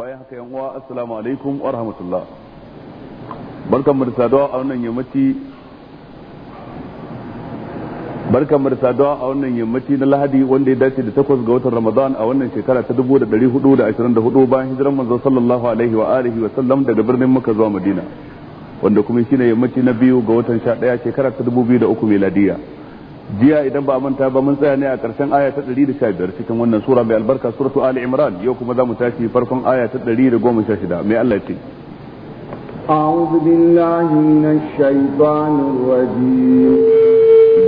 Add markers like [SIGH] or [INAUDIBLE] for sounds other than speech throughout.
bayan haka yan uwa assalamu alaikum wa rahmatullah barkan mu da saduwa a wannan yammaci barkan mu da saduwa a wannan yammaci na Lahadi wanda ya dace da takwas ga watan Ramadan a wannan shekara ta 1424 bayan hijiran manzo sallallahu alaihi wa alihi wa sallam daga birnin Makka zuwa Madina wanda kuma shine yammaci na biyu ga watan 11 shekara ta 2003 miladiya jiya idan ba manta ba mun tsaya ne a ƙarshen aya ta 115 cikin wannan sura mai albarka suratu ali imran yau kuma za mu tashi farkon aya ta 116 mai Allah ce أعوذ بالله من الشيطان الرجيم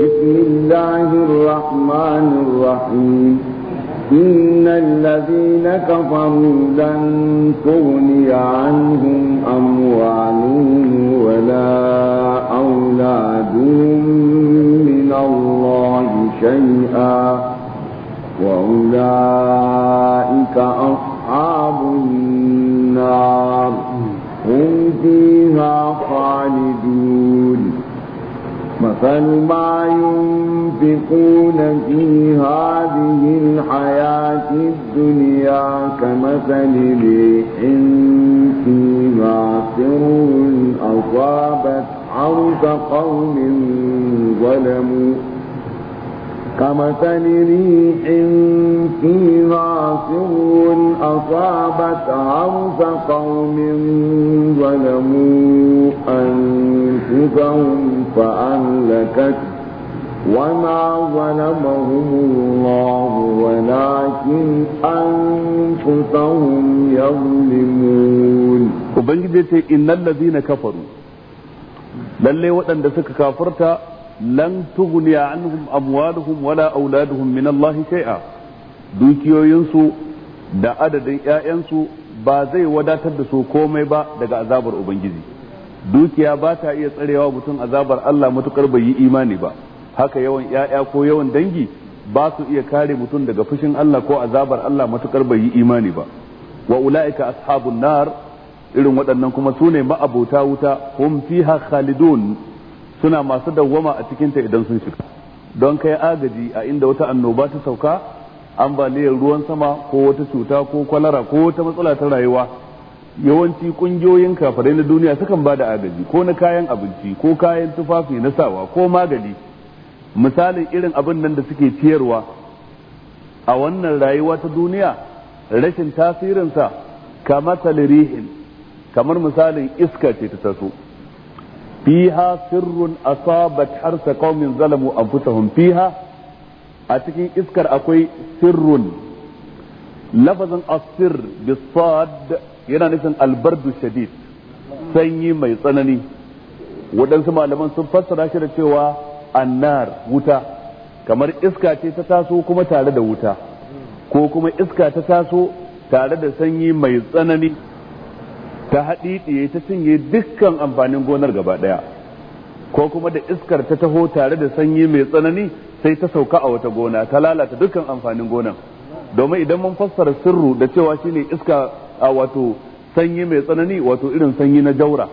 بسم الله الرحمن الرحيم إن الذين كفروا لن تغني عنهم أموالهم ولا أولادهم الله شيئا وأولئك أصحاب النار هم فيها خالدون مثل ما ينفقون في هذه الحياة الدنيا كمثل ريح فيها سر أصابت عرف قوم ظلموا كمثل ريح فيها سر أصابت عرف قوم ظلموا أنفسهم فأهلكت وما ظلمهم الله ولكن أنفسهم يظلمون وبنجد إن الذين كفروا lalle waɗanda suka kafirta lan tughniya anhum amwaluhum wala auladuhum min Allah shay'a dukiyoyinsu da adadin ƴaƴansu ba zai wadatar da su komai ba daga azabar ubangiji dukiya ba ta iya tsarewa mutum azabar Allah matukar bai yi imani ba haka yawan ƴaƴa ko yawan dangi ba su iya kare mutum daga fushin Allah ko azabar Allah matukar bai yi imani ba wa ulaika ashabun nar irin waɗannan kuma su ne ma'abota wuta hum fiha khalidun suna masu dawwama a cikinta idan sun shiga don kai agaji a inda wata annoba ta sauka ambaliyar ruwan sama ko wata cuta ko kwalara ko wata matsala ta rayuwa yawanci kungiyoyin kafirai na duniya sukan ba da agaji ko na kayan abinci ko kayan tufafi na sawa ko magani misalin irin abin nan da suke ciyarwa a wannan rayuwa ta duniya rashin tasirinsa ka salirihin. kamar misalin iska ce ta taso fiha sirrun asabat harsa qaumin zalamu anfusahum fiha a cikin iskar akwai sirrun lafazin asir bisad yana nufin albardu shadid sanyi mai tsanani waɗansu malaman sun fassara shi da cewa annar wuta kamar iska ce ta taso kuma tare da wuta ko kuma iska ta taso tare da sanyi mai tsanani ta haɗiɗiye ta cinye dukkan amfanin gonar gaba ɗaya ko kuma da iskar ta taho tare da sanyi mai tsanani sai ta sauka a wata gona ta lalata dukkan amfanin gonar domin idan mun fassara sirru da cewa shine iska a wato sanyi mai tsanani wato irin sanyi na jaura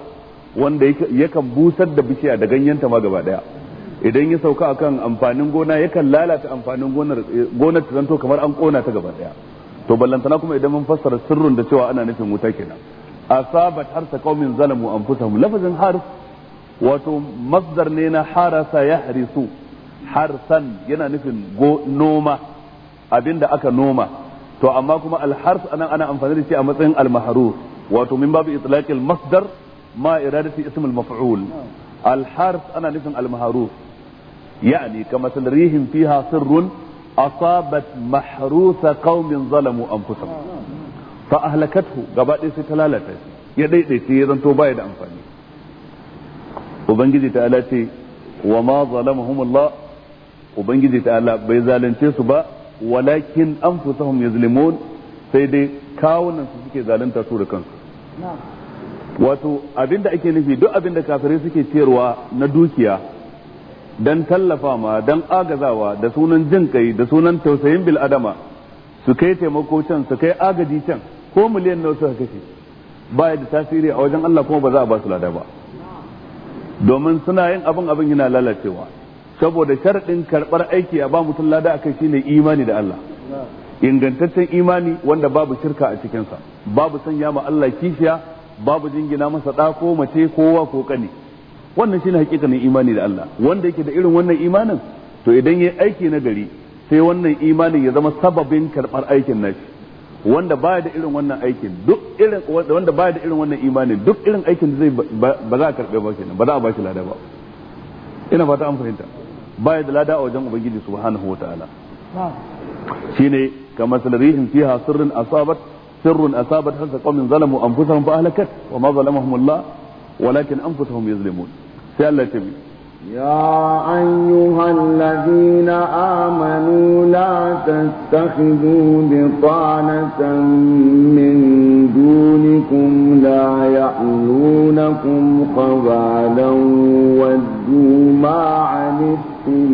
wanda yakan busar da bishiya da ganyenta ma gaba ɗaya idan ya sauka akan amfanin gona yakan lalata amfanin gonar eh, gonar ta zanto kamar an kona ta gaba ɗaya to ballantana kuma idan mun fassara sirrin da cewa ana nufin wuta kenan asabat harsa qaumin zalamu anfusahum lafazin hars wato masdar ne na harasa yahrisu harsan yana nufin noma abinda aka noma to amma kuma alhars anan ana amfani da shi a matsayin almahrur wato min babu itlaqil masdar ma iradati ism al-maf'ul alhars ana nufin almahrur yani kama rihim fiha sirrun asabat mahrusa qaumin zalamu anfusahum fa ahlakathu gaba ɗaya sai ta lalata shi ya daidaita ya zanto baya da amfani ubangiji ta'ala ce wa ma Allah ubangiji ta'ala bai zalunce su ba walakin anfusahum yuzlimun sai dai kawunan su suke zalunta su da kansu wato abinda ake nufi duk abinda kafirai suke ciyarwa na dukiya dan tallafa ma dan agazawa da sunan jin kai da sunan tausayin bil adama su kai taimako can su kai agaji can ko miliyan nawa suka kashe ba da tasiri a wajen Allah kuma ba za a ba su lada ba domin suna yin abin abin yana lalacewa saboda sharaɗin karɓar aiki a ba mutum lada akai shine imani da Allah ingantaccen imani wanda babu shirka a cikinsa babu sanya ma Allah kishiya babu jingina masa ɗa ko mace kowa ko kani wannan shine hakikanin imani da Allah wanda yake da irin wannan imanin to idan yayi aiki na gari sai wannan imanin ya zama sababin karɓar aikin nashi wanda baya da irin wannan aikin duk irin wanda baya da irin wannan imanin duk irin aikin da zai ba za a karbe ba kenan ba za a ba shi lada ba ina fata an fahimta baya da lada a wajen ubangiji subhanahu wataala shine kama salarihim fiha sirrin asabat sirrun asabat hasa qaumin zalamu anfusahum fa ahlakat wa ma zalamahumullah walakin anfusahum yuzlimun sai Allah ya يا أيها الذين آمنوا لا تتخذوا بطانة من دونكم لا يعلونكم خبالا ودوا ما عنتم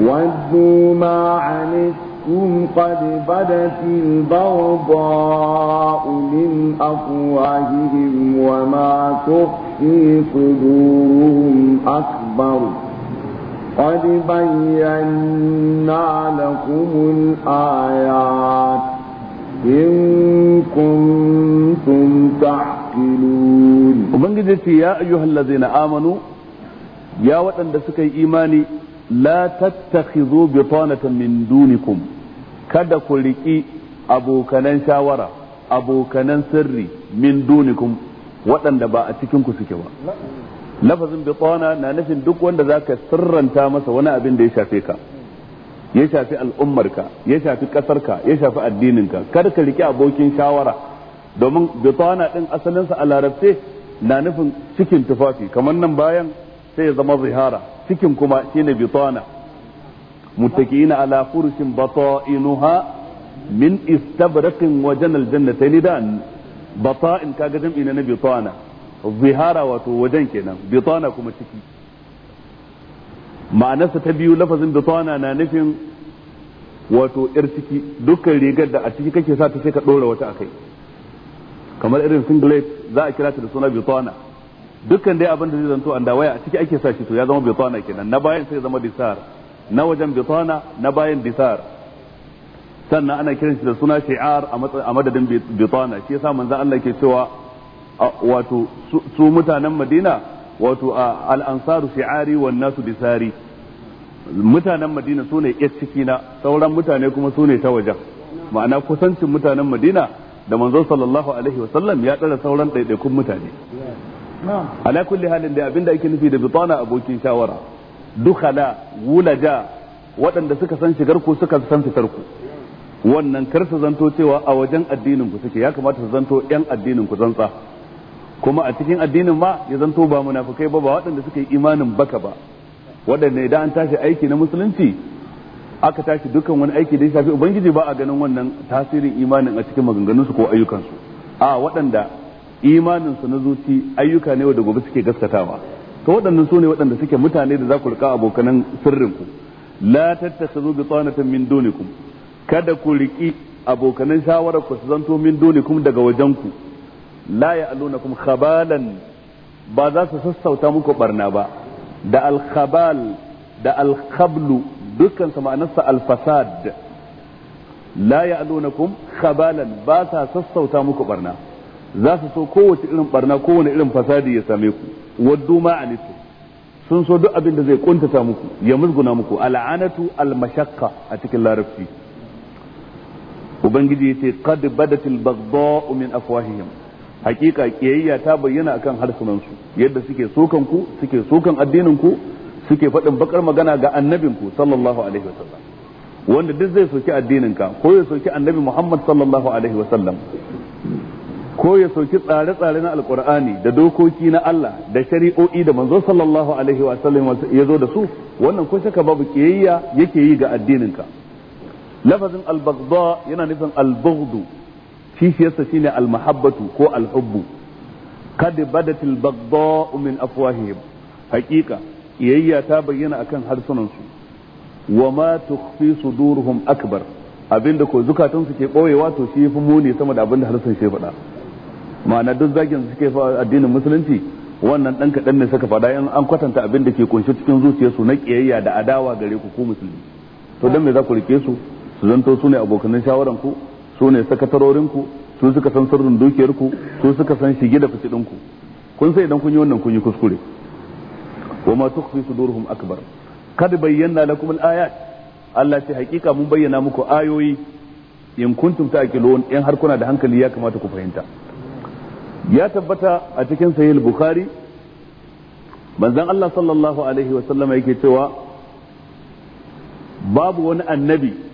ودوا ما عنتم قد بدت البغضاء من أفواههم وما تخفي في صدورهم أكبر قد بينا لكم الآيات إن كنتم تعقلون ومن يا أيها الذين آمنوا يا وطن دسكي إيماني لا تتخذوا بطانة من دونكم kada ku riƙi abokanan shawara abokanan sirri min dunikum waɗanda ba a cikin suke ba lafazin bitana na nufin duk wanda za ka sirranta masa wani abin da ya shafe ka ya shafi al'ummarka ya shafi ƙasarka ya shafi addininka kar ka riƙe abokin shawara domin bitana ɗin asalinsa a larabce na nufin cikin tufafi kamar nan bayan sai ya zama zihara cikin kuma shine bitana muttaqina ala furushin batainuha min istabraqin wajen aljannatayn da. bata'in kaga jam'i na bitana zihara wato wajen kenan bitana kuma ciki ma'anarsa ta biyu lafazin bitana na nufin wato yar ciki dukkan rigar da a ciki kake sa ta sai ka dora wata akai kamar irin singlet za a kira ta da suna bitana dukkan dai abin da zai zanto an waya a ciki ake sa shi to ya zama bitana kenan na bayan sai zama disar na wajen bitana na bayan disar sannan ana kiran shi da suna shi'ar a madadin bitana shi yasa manza Allah ke cewa wato su mutanen Madina wato al-ansaru shi'ari wan nasu bisari mutanen Madina su ne yar cikina sauran mutane kuma su ne ta wajen ma'ana kusancin mutanen Madina da manzo sallallahu alaihi wasallam ya tsara sauran ɗaiɗaikun mutane ala kulli halin da abinda ake nufi da bitana abokin shawara dukhala wulaja waɗanda suka san shigar ku suka san fitar ku wannan kar su zanto cewa a wajen addinin ku suke ya kamata su zanto yan addinin ku zantsa kuma a cikin addinin ma ya zanto ba munafukai ba ba waɗanda suke yi imanin baka ba waɗanda idan an tashi aiki na musulunci aka tashi dukkan wani aiki da ya shafi ubangiji ba a ganin wannan tasirin imanin a cikin maganganunsu ko ayyukansu a waɗanda imaninsu na zuci ayyuka ne wanda gobe suke gaskatawa to waɗannan su ne waɗanda suke mutane da za ku rika abokanan ku la tattakhudhu bitanatan min dunikum kada ku riƙi abokanan shawarar ku su zanto min dunikum daga wajen ku la kuma khabalan ba za su sassauta muku barna ba da al-khabal da al-khablu dukkan ma'anarsa al-fasad la ya'lunakum khabalan ba sa sassauta muku barna za su so kowace irin barna kowane irin fasadi ya same ku waddu ma sun so duk abin da zai kuntata muku ya musguna muku al'anatu al-mashaqqa a cikin larabci ubangiji yace qad badatil baghdha'u min afwahihim hakika kiyayya ta bayyana akan harsunan su yadda suke sokan ku suke sokan addinin ku suke faɗin bakar magana ga annabin ku sallallahu alaihi wasallam wanda duk zai soki addinin ka ko ya soki annabi Muhammad sallallahu alaihi wasallam ko ya soki tsare-tsare na alkur'ani da dokoki na Allah da shari'o'i da manzo sallallahu alaihi wa sallam ya zo da su wannan ko shaka babu kiyayya yake yi ga addinin ka lafazin al yana nufin al shi shi yasa shine al almahabbatu ko al-hubbu kad badat al min afwahihim haqiqa iyayya ta bayyana akan harsunan su wa ma tukhfi sudurhum akbar abinda ko zukatan su ke boyewa to shi fi muni sama da abinda harsun shi faɗa ma'ana duk zagin suke fa addinin musulunci wannan dan kadan ne suka faɗa in an kwatanta abinda ke kunshi cikin zuciyarsu na kiyayya da adawa gare ku ku musulmi to dan me za ku rike su su zanto su ne abokanan shawaran ku su ne sakatarorin ku su suka san sirrin dukiyarku su suka san shige da fice kun sai idan kun yi wannan kun yi kuskure wa ma tukhfi sudurhum akbar kad bayyana lakum al-ayat Allah ce hakika mun bayyana muku ayoyi in kuntum ta'qilun in har kuna da hankali ya kamata ku fahimta ya tabbata a cikin sahih al-bukhari manzon Allah sallallahu alaihi wa sallama yake cewa babu wani annabi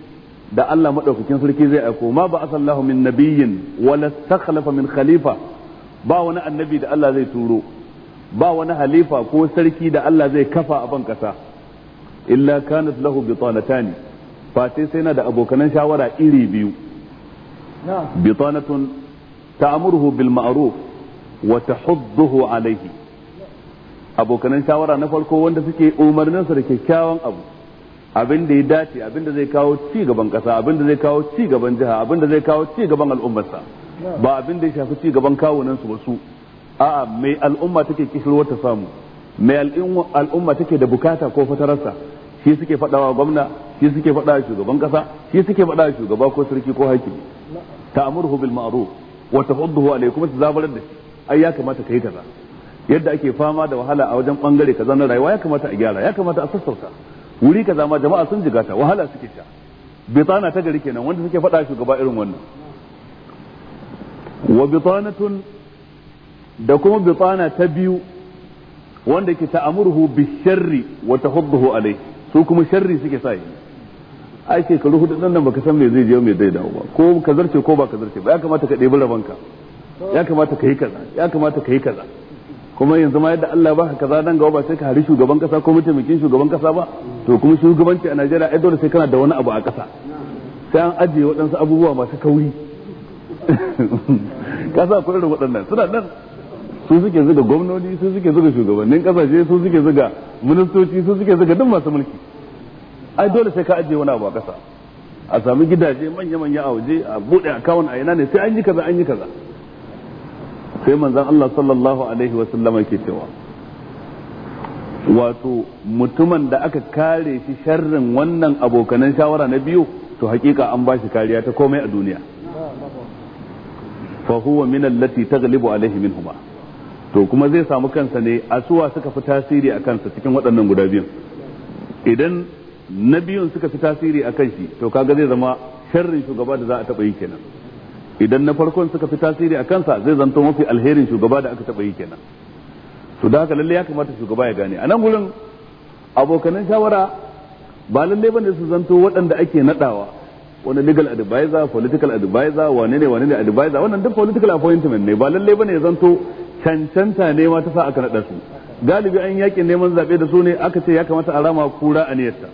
da Allah maɗaukakin sarki zai aiko ma ba asallahu min nabiyyin wala stakhlafa min khalifa ba wani annabi da Allah zai turo ba wani halifa ko sarki da Allah zai kafa a ban kasa illa kanat lahu bitanatani fa sai sai na da abokanan shawara iri biyu bitanatun ta'muruhu bil ma'ruf wa tahudduhu alayhi abokanan shawara na farko wanda suke umarninsa da kyakkyawan abu abin da ya dace abin da zai kawo ci gaban kasa abin da zai kawo ci gaban jiha abin da zai kawo ci gaban al'ummarsa ba abin da ya shafi ci gaban kawunan su ba su a'a mai al'umma take kishirwar ta samu mai al'umma take da bukata ko fatararsa shi suke fadawa gwamna shi suke fadawa shugaban kasa shi suke fadawa shugaba ko sarki ko hakimi ta'muruhu bil ma'ruf wa tahudduhu alayhi kuma da shi ai ya kamata kai kaza yadda ake fama da wahala a wajen bangare kaza na rayuwa ya kamata a gyara ya kamata a sassauta wuri kaza ma jama'a sun jigata wahala suke sha bitana ta gari kenan wanda suke faɗa shugaba irin wannan wa bitanatun da kuma bitana ta biyu wanda ke ta'amuruhu bi sharri wa tahudduhu alai su kuma sharri suke sa yi ai shekaru hudu nan baka san me zai je me zai dawo ba ko ka zarce ko ba ka zarce ba ya kamata ka ɗebi rabanka ya kamata ka yi kaza ya kamata ka yi kaza kuma yanzu ma yadda Allah baka kaza nan gaba ba sai ka hari shugaban kasa ko mataimakin shugaban kasa ba to kuma shugabanci a Najeriya ai dole sai kana da wani abu a ƙasa sai an ajiye waɗansu abubuwa masu kauri [LAUGHS] ka sa kuɗin waɗannan suna nan su suke zuga gwamnoni su suke zuga shugabannin ƙasashe su suke zuga ministoci su suke zuga duk masu mulki ai dole sai ka ajiye wani abu a ƙasa a sami gidaje manya-manya a waje a buɗe akawun a ina ne sai an yi kaza an yi kaza sai manzan Allah sallallahu alaihi wa ke cewa wato mutumin da aka kare shi sharrin wannan abokanan shawara na biyu to hakika an ba shi kariya ta komai a duniya fa huwa min allati taghlibu alaihi minhuma to kuma zai samu kansa ne asuwa suka fi tasiri a kansa cikin waɗannan guda biyun idan na biyun suka fi tasiri a kan to kaga zai zama sharrin shugaba da za a taɓa yi kenan idan na farkon suka fi tasiri a kansa zai zanto mafi alherin shugaba da aka taɓa yi kenan to da haka lalle ya kamata shugaba ya gane a nan gurin abokanan shawara ba lalle bane su zanto waɗanda ake nadawa wani legal advisor political advisor wane ne wane ne advisor wannan duk political appointment ne ba lalle bane ya zanto cancanta ne ma ta sa aka nada su galibi an yakin neman zabe da su ne aka ce ya kamata a rama kura a niyyarsa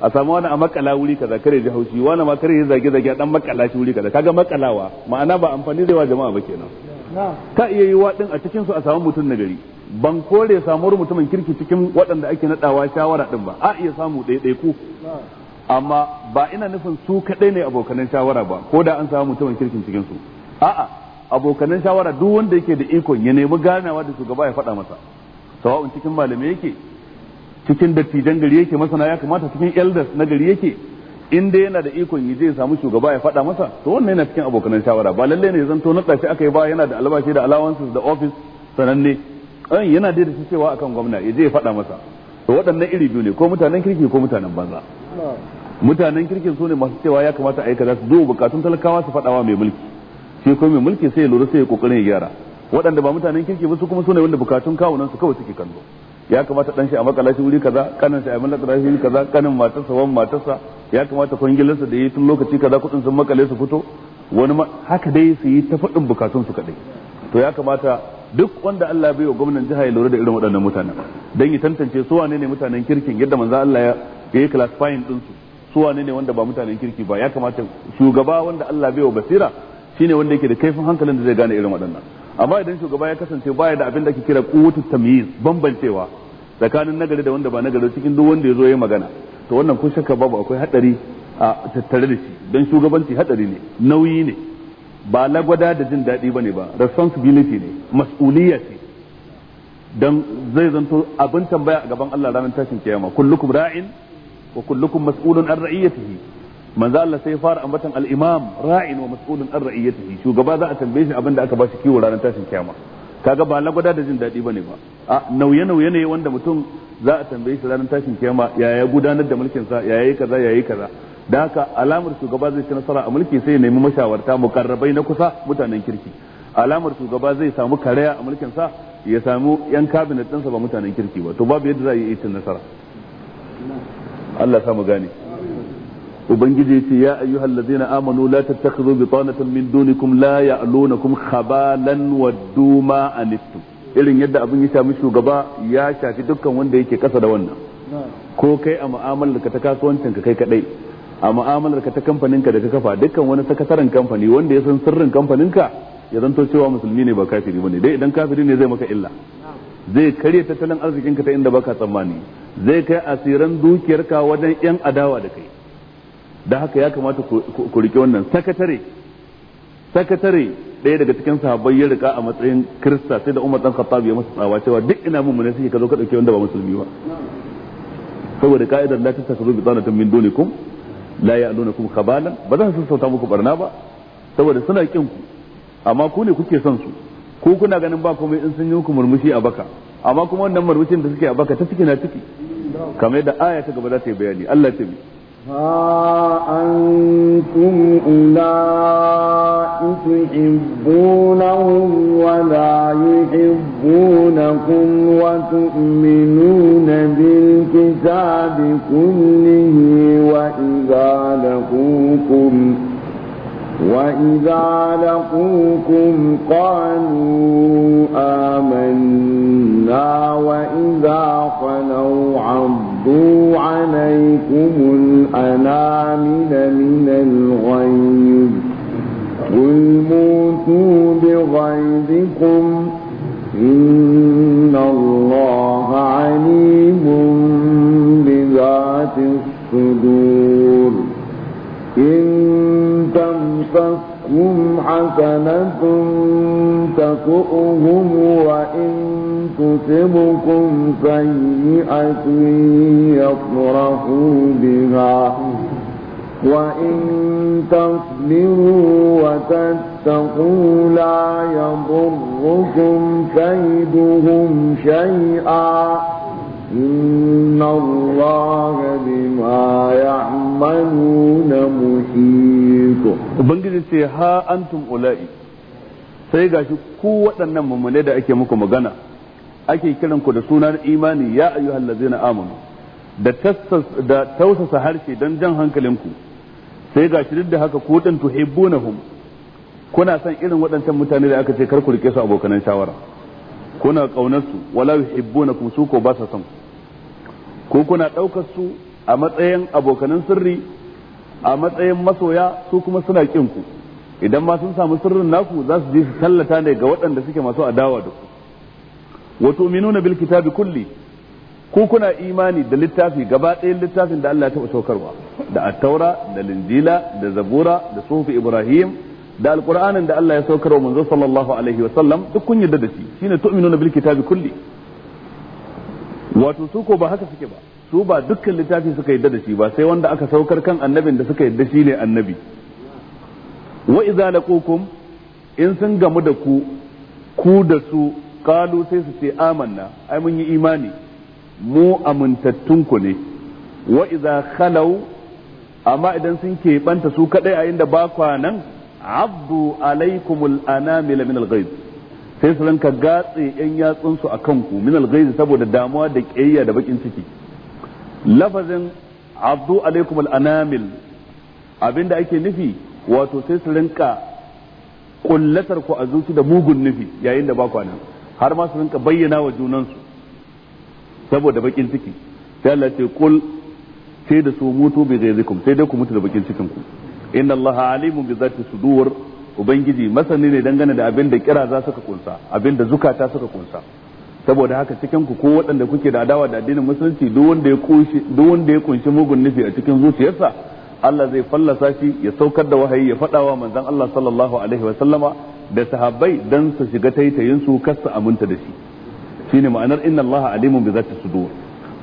a samu wani a makala wuri kaza kare ji haushi wani ma kare ya zage zage a dan makala shi wuri kaza kaga makalawa ma'ana ba amfani da yawa jama'a ba kenan ka iya yi wa din a cikin su a samu mutum nagari. ban kore samuwar mutumin kirki cikin waɗanda ake naɗawa shawara din ba a iya samu ɗaiɗai ku amma ba ina nufin su kaɗai ne abokanan shawara ba ko da an samu mutumin kirkin cikin su a'a abokanan shawara duk wanda yake da ikon ya nemi ganawa da shugaba ya faɗa masa sawa'un cikin malamai yake cikin dattijan gari yake masana ya kamata cikin elders na gari yake in dai yana da ikon yi zai samu shugaba ya faɗa masa to wannan yana cikin abokanan shawara ba lalle ne zanto na ƙarshe aka yi ba yana da albashi da allowances da office sananne an yana da shi cewa akan gwamna ya je ya faɗa masa to waɗannan iri biyu ne ko mutanen kirki ko mutanen banza mutanen kirkin su ne masu cewa ya kamata a yi kaza su duba bukatun talakawa su faɗawa mai mulki shi ko mai mulki sai ya lura sai ya kokarin ya gyara waɗanda ba mutanen kirki ba su kuma su ne wanda bukatun kawunan su kawai suke kallo ya kamata dan shi a makala shi wuri kaza kanin shi a makala shi kaza kanin matarsa wan matarsa ya kamata kwangilinsa da yi tun lokaci kaza kudin sun makale su fito wani haka dai su yi ta faɗin bukatun su kadai to ya kamata duk wanda Allah bai wa gwamnan jiha ya lura da irin waɗannan mutanen dan ya tantance su wane ne mutanen kirkin yadda manzo Allah ya yi classifying din su su wane ne wanda ba mutanen kirki ba ya kamata shugaba wanda Allah bai wa basira shine wanda yake da kaifin hankalin da zai gane irin waɗannan amma idan shugaba ya kasance baya da abin da ake kira kuwatu tamyiz bambancewa tsakanin nagari da wanda ba nagari cikin duk wanda ya zo ya magana to wannan kun shakka babu akwai hadari a tattare da shi don shugabanci hadari ne nauyi ne ba lagwada da jin daɗi bane ba responsibility ne mas'uliyya ce Don zai zanto abin tambaya a gaban Allah ranar tashin kiyama kullukum ra'in wa kullukum mas'ulun an tafi. manzo Allah sai fara ambatan al-imam ra'in wa mas'ulun an tafi. shugaba za a tambaye shi abin da aka ba shi kiwo ranar tashin kiyama kaga ba lagwada da jin daɗi bane ba a nauye nauye ne wanda mutum za a tambaye shi ranar tashin kiyama yaya gudanar da mulkin sa yaya kaza yaya kaza da haka alamar shugaba zai ci nasara a mulki sai ya nemi mashawarta mukarrabai na kusa mutanen kirki alamar shugaba zai samu karaya a mulkin sa ya samu yan kabinet ɗinsa ba mutanen kirki ba to babu yadda za a yi cin nasara Allah sa mu gane ubangiji ce ya ayyuhal ladzina amanu la tattakhidhu bitanatan min dunikum la ya'lunukum khabalan waddu ma irin yadda abin ya samu shugaba ya shafi dukkan wanda yake kasa da wannan ko kai a mu'amalar ka ta kasuwancin ka kai kadai a mu'amalar ka ta kamfanin ka da ka kafa dukkan wani sakataren kamfani wanda ya san sirrin kamfanin ka ya zanto cewa musulmi ne ba kafiri bane dai idan kafiri ne zai maka illa zai karya tattalin arzikin ka ta inda baka tsammani zai kai asiran dukiyarka ka wajen yan adawa da kai da haka ya kamata ku rike wannan sakatare sakatare ɗaya daga cikin sahabbai ya rika a matsayin kirista sai da umar dan khattab ya masa tsawa cewa duk ina mun ne suke ka zo ka dauke wanda ba musulmi ba saboda ka'idar la tasakhuzu bi tanatin min dunikum la kuma kabala ba za su sauta muku barna ba saboda suna kin ku amma ku ne kuke son su ku kuna ganin ba komai in sun yi muku murmushi a baka amma kuma wannan murmushin da suke a baka ta ciki na ciki kamar yadda aya ta gaba za ta yi bayani Allah ta bi ها أنتم أولئك تحبونهم ولا يحبونكم وتؤمنون بالكتاب كله وإذا لقوكم وإذا لقوكم قالوا آمنا وإذا خلوا عضوا عليكم الأنامل من الغيظ قل موتوا بغيظكم إن الله عليم بذات الصدور إن تَسْبَقْهُمْ حَسَنَةٌ تسؤهم وَإِن تُصِبْكُمْ سَيِّئَةٌ يَفْرَحُوا بِهَا وَإِن تَصْبِرُوا وَتَتَّقُوا لَا يَضُرُّكُمْ كَيْدُهُمْ شَيْئًا إن الله بما يعملون محيط iko ubangiji ce ha antum ula'i sai gashi ku waɗannan mummune da ake muku magana ake kiran ku da sunan imani ya ladzina amanu da da tausasa harshe dan jan hankalinku sai gashi duk da haka ku dan tuhibbunahum kuna san irin waɗancan mutane da aka ce kar ku rike su abokanan shawara kuna kaunar su wala yuhibbunakum su ko ba sa son ku kuna ɗaukar su a matsayin abokanan sirri a matsayin masoya su kuma suna kin ku idan ma sun samu sirrin naku za su je su tallata ne ga waɗanda suke masu adawa da ku wa tu'minuna bil kitabi kulli ku kuna imani da littafi gaba ɗayan littafin da Allah ya taɓa saukarwa da attaura da linjila da zabura da sufi ibrahim da Alƙur'anin da Allah ya saukarwa manzo sallallahu alaihi wa sallam duk kun yarda da shi shine tu'minuna bil kitabi kulli wato su ko ba haka suke ba su ba dukkan littafi suka yadda da shi ba sai wanda aka saukar kan annabin da suka yadda shi ne annabi wa iza laqukum in sun gamu da ku ku da su kalu sai su ce amanna ai mun yi imani mu amintattun ku ne wa iza amma idan sun ke banta su kadai a inda ba kwa nan abdu alaikumul anamil min alghayb sai su ranka gatse yan yatsun su akan ku min alghayb saboda damuwa da kiyayya da bakin ciki lafazin abdu alaikum al'anamil abinda ake nufi wato sai su rinka kullatar ku a zuci da mugun nufi yayin da ba kwanan har ma su rinka bayyana wa junansu saboda bakin ciki sai Allah ce kul sai da su mutu bi ghayrikum sai dai ku mutu da bakin cikin ku inna Allah alimun bi zati sudur ubangiji masani ne dangane da abin da kira za suka kunsa abin da zukata suka kunsa saboda haka cikin ku ko waɗanda kuke da adawa da addinin musulunci duk wanda ya kunshi mugun nufi a cikin zuciyarsa Allah zai fallasa shi ya saukar da wahayi ya faɗa wa manzon Allah sallallahu alaihi wa sallama da sahabbai dan su shiga taitayin su kar su aminta da shi shine ma'anar inna Allah alimun bi zati sudur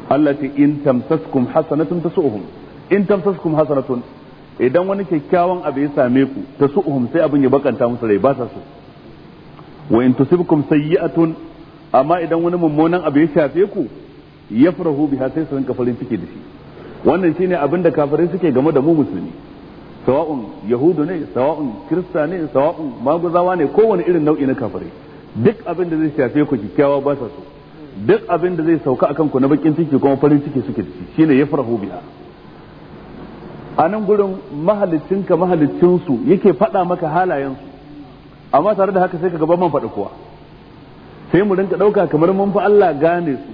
Allah ce in tamsaskum hasanatun tasuhum in tamsaskum hasanatun idan wani kyakkyawan abu ya same ku tasuhum sai abin ya bakanta musu rai ba sa so wa in tusibkum sayyi'atun amma idan wani mummunan abu ya shafe ku ya farahu biha sai su rinka farin ciki da shi wannan shine abin da kafirai suke game da mu musulmi sawa'un yahudu ne sawa'un kirista ne sawa'un maguzawa ne kowane irin nau'i na kafirai duk abin da zai shafe ku kikkiawa ba sa so duk abin da zai sauka akan ku na bakin ciki kuma farin ciki suke da shi shine ya farahu biha a nan gurin mahalicinka mahalicinsu yake faɗa maka halayensu amma tare da haka sai ka gaba man faɗi kowa sai mu rinka ɗauka kamar mun fi Allah gane su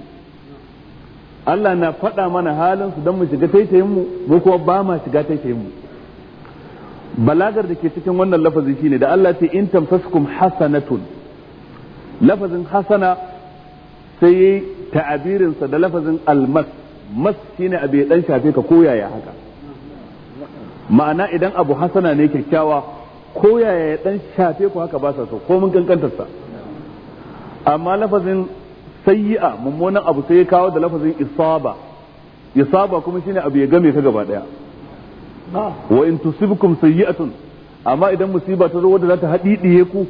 Allah na faɗa mana halin su don mu shiga taitayin mu mu kuma ba ma shiga taitayin mu balagar da ke cikin wannan lafazi shine da Allah ce in tamsaskum hasanatun lafazin hasana sai yayi ta'abirin sa da lafazin almas mas shine abu dan shafe ka koyaya haka ma'ana idan abu hasana ne kyakkyawa koyaya ya dan shafe ku haka ba sa so ko mun kankantar amma lafazin sayyi'a mummunan abu sai ya kawo da lafazin isaba isaba kuma shine abu ya game ka gaba daya wa in tusibkum sayyi'atun amma idan musiba ta zo wadda za ta hadidiye ku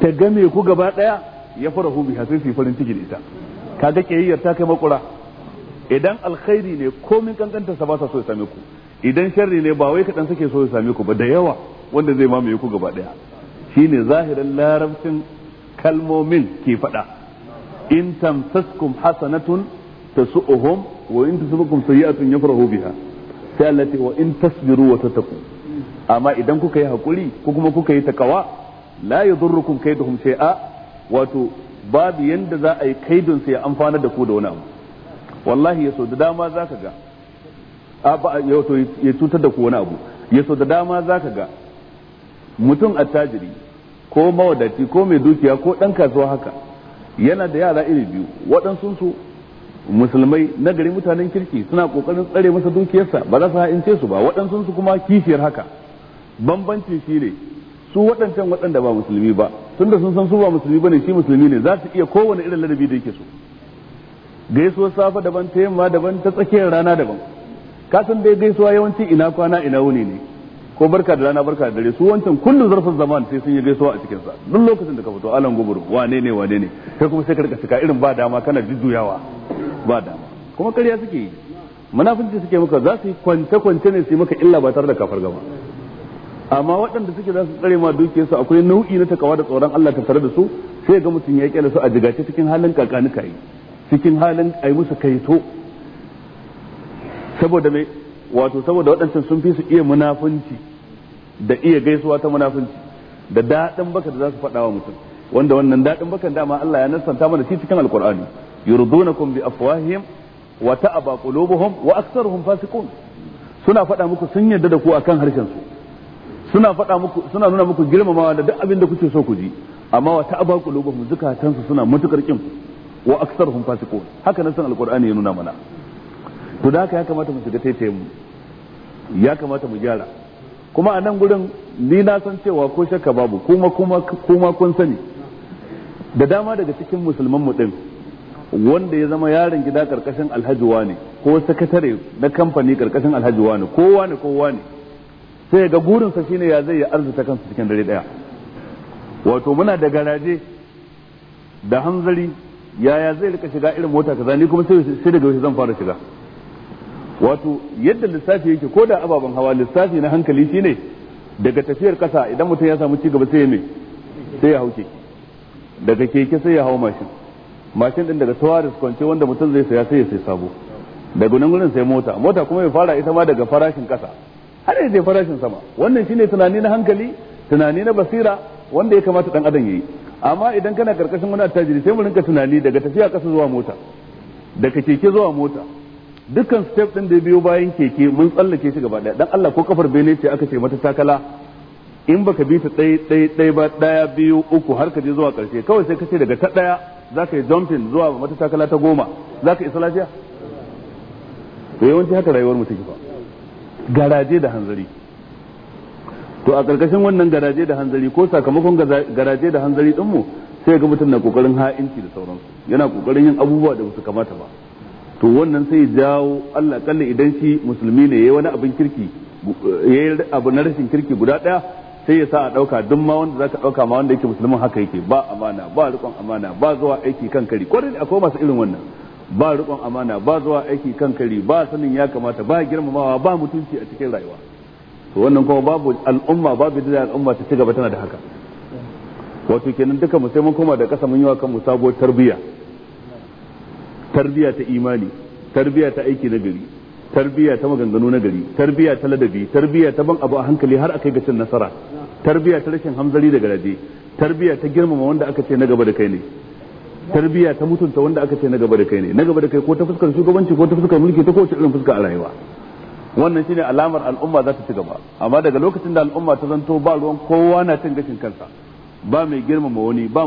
ta game ku gaba daya ya farahu biha sai su farin ciki da ita kaga kiyayyar ta kai makura idan alkhairi ne komin kankanta sa ba sa so ya same ku idan sharri ne ba wai kaɗan suke so ya same ku ba da yawa wanda zai mamaye ku gaba ɗaya shine zahirin larabcin kalmomin ke faɗa in tamsaskum hasanatun tasu'uhum wa in tusibukum sayyi'atun yafrahu biha sai Allah ce wa in tasbiru wa tattaqu amma idan kuka yi hakuri ko kuma kuka yi takawa la yadurrukum kaiduhum shay'a wato babu yanda za a yi kaidun sai ya amfana da ku da wani abu wallahi yaso da dama zaka ga a ba ya cutar da ku wani abu yaso da dama zaka ga mutum attajiri ko mawadaci ko mai dukiya ko ɗan kasuwa haka yana da yara iri biyu waɗansu su musulmai na gari mutanen kirki suna ƙoƙarin tsare masa dukiyarsa ba za su ha'ince su ba waɗansu su kuma kishiyar haka bambanci shi ne su waɗancan waɗanda ba musulmi ba tunda sun san su ba musulmi ba ne shi musulmi ne za su iya kowane irin ladabi da yake so gaisuwar safa daban ta yamma daban ta tsakiyar rana daban kasan dai gaisuwa yawanci ina kwana ina wuni ne ko barka da rana barka da dare su wancan kullum zarfin zaman sai sun yi gaisuwa a cikin sa duk lokacin da ka fito alan guburu wane ne wane ne kai kuma sai ka rika tuka irin ba dama kana jujjuyawa ba dama kuma ƙarya suke yi munafunci suke maka za su kwance kwance ne su maka illa ba tare da kafar gaba amma waɗanda suke za su tsare ma dukiyarsu akwai nau'i na takawa da tsoron Allah ta tare da su sai ga mutum ya kyale su a jigace cikin halin kakanuka yi cikin halin ayi musu kaito saboda mai wato saboda waɗancan sun fi su iya munafunci da iya gaisuwa ta munafunci da daɗin baka da za su faɗa wa mutum wanda wannan daɗin bakan dama Allah ya nassanta mana shi cikin alkur'ani yurdunakum bi afwahihim wa ta'aba qulubuhum wa aktsaruhum fasiqun suna faɗa muku sun yarda da ku akan harshen su suna faɗa muku suna nuna muku girmamawa da duk abin da kuke so ku ji amma wa ta'aba qulubuhum zukatan su suna matukar kin wa aktsaruhum fasiqun haka nan san alkur'ani ya nuna mana to da haka ya kamata mu shiga taitaye mu ya kamata mu gyara kuma a nan gurin ni na san cewa ko shakka babu kuma kuma kuma kun sani da dama daga cikin musulman mu din wanda ya zama yaron gida karkashin alhaji wani ko sakatare na kamfani karkashin alhaji wani ko wani ko wani sai ga sa shine ya zai ya arzuta kansa cikin dare daya wato muna da garaje da hanzari yaya zai rika shiga irin mota kaza ni kuma sai daga wasu zan fara shiga wato yadda lissafi yake ko da ababen hawa lissafi na hankali shine daga tafiyar kasa idan mutum ya samu ci gaba sai ya mai sai ya hau keke daga keke sai ya hau mashin mashin din daga tawaris kwance wanda mutum zai saya sai ya sai sabo daga nan gurin sai mota mota kuma ya fara ita ma daga farashin kasa har ya farashin sama wannan shine tunani na hankali tunani na basira wanda ya kamata dan adam yi amma idan kana karkashin wani attajiri sai mu rinka tunani daga tafiya kasa zuwa mota daga keke zuwa mota dukkan step din da biyo bayan keke mun tsallake shi gaba daya dan Allah ko kafar bene ce aka ce mata takala in baka bi ta ɗaya ɗaya ɗaya ba ɗaya biyu uku har ka je zuwa ƙarshe kawai sai ka ce daga ta ɗaya za ka yi jumping zuwa mata takala ta goma za ka isa lafiya to yawanci haka rayuwar mutum ba garaje da hanzari to a karkashin wannan garaje da hanzari ko sakamakon garaje da hanzari mu sai ga mutum na ƙoƙarin ha'inci da sauransu yana ƙoƙarin yin abubuwa da ba su kamata ba to wannan sai jawo Allah kalla idan shi musulmi ne yayi wani abin kirki yayi abu na rashin kirki guda daya sai ya sa a dauka duk ma wanda zaka dauka ma wanda yake musulmin haka yake ba amana ba rikon amana ba zuwa aiki kan kari ko akwai masu irin wannan ba rikon amana ba zuwa aiki kan kari ba sanin ya kamata ba girmamawa ba mutunci a cikin rayuwa to wannan kuma babu al'umma babu da al'umma ta cigaba tana da haka wato kenan duka mu sai mun koma da kasa mun yi wa kanmu sabuwar tarbiyya tarbiya ta imani tarbiya ta aiki na gari tarbiya ta maganganu na gari tarbiya ta ladabi tarbiya ta ban abu a hankali har akai ga cin nasara tarbiya ta rashin hamzari da garaje tarbiya ta girmama wanda aka ce na gaba da kai ne tarbiya ta mutunta wanda aka ce na gaba da kai ne na gaba da kai ko ta fuskar shugabanci ko ta fuskar mulki ta kowace irin fuska a rayuwa wannan shine alamar al'umma za ta ci gaba amma daga lokacin da al'umma ta zanto ba ruwan kowa na cin gashin kansa ba mai girmama wani ba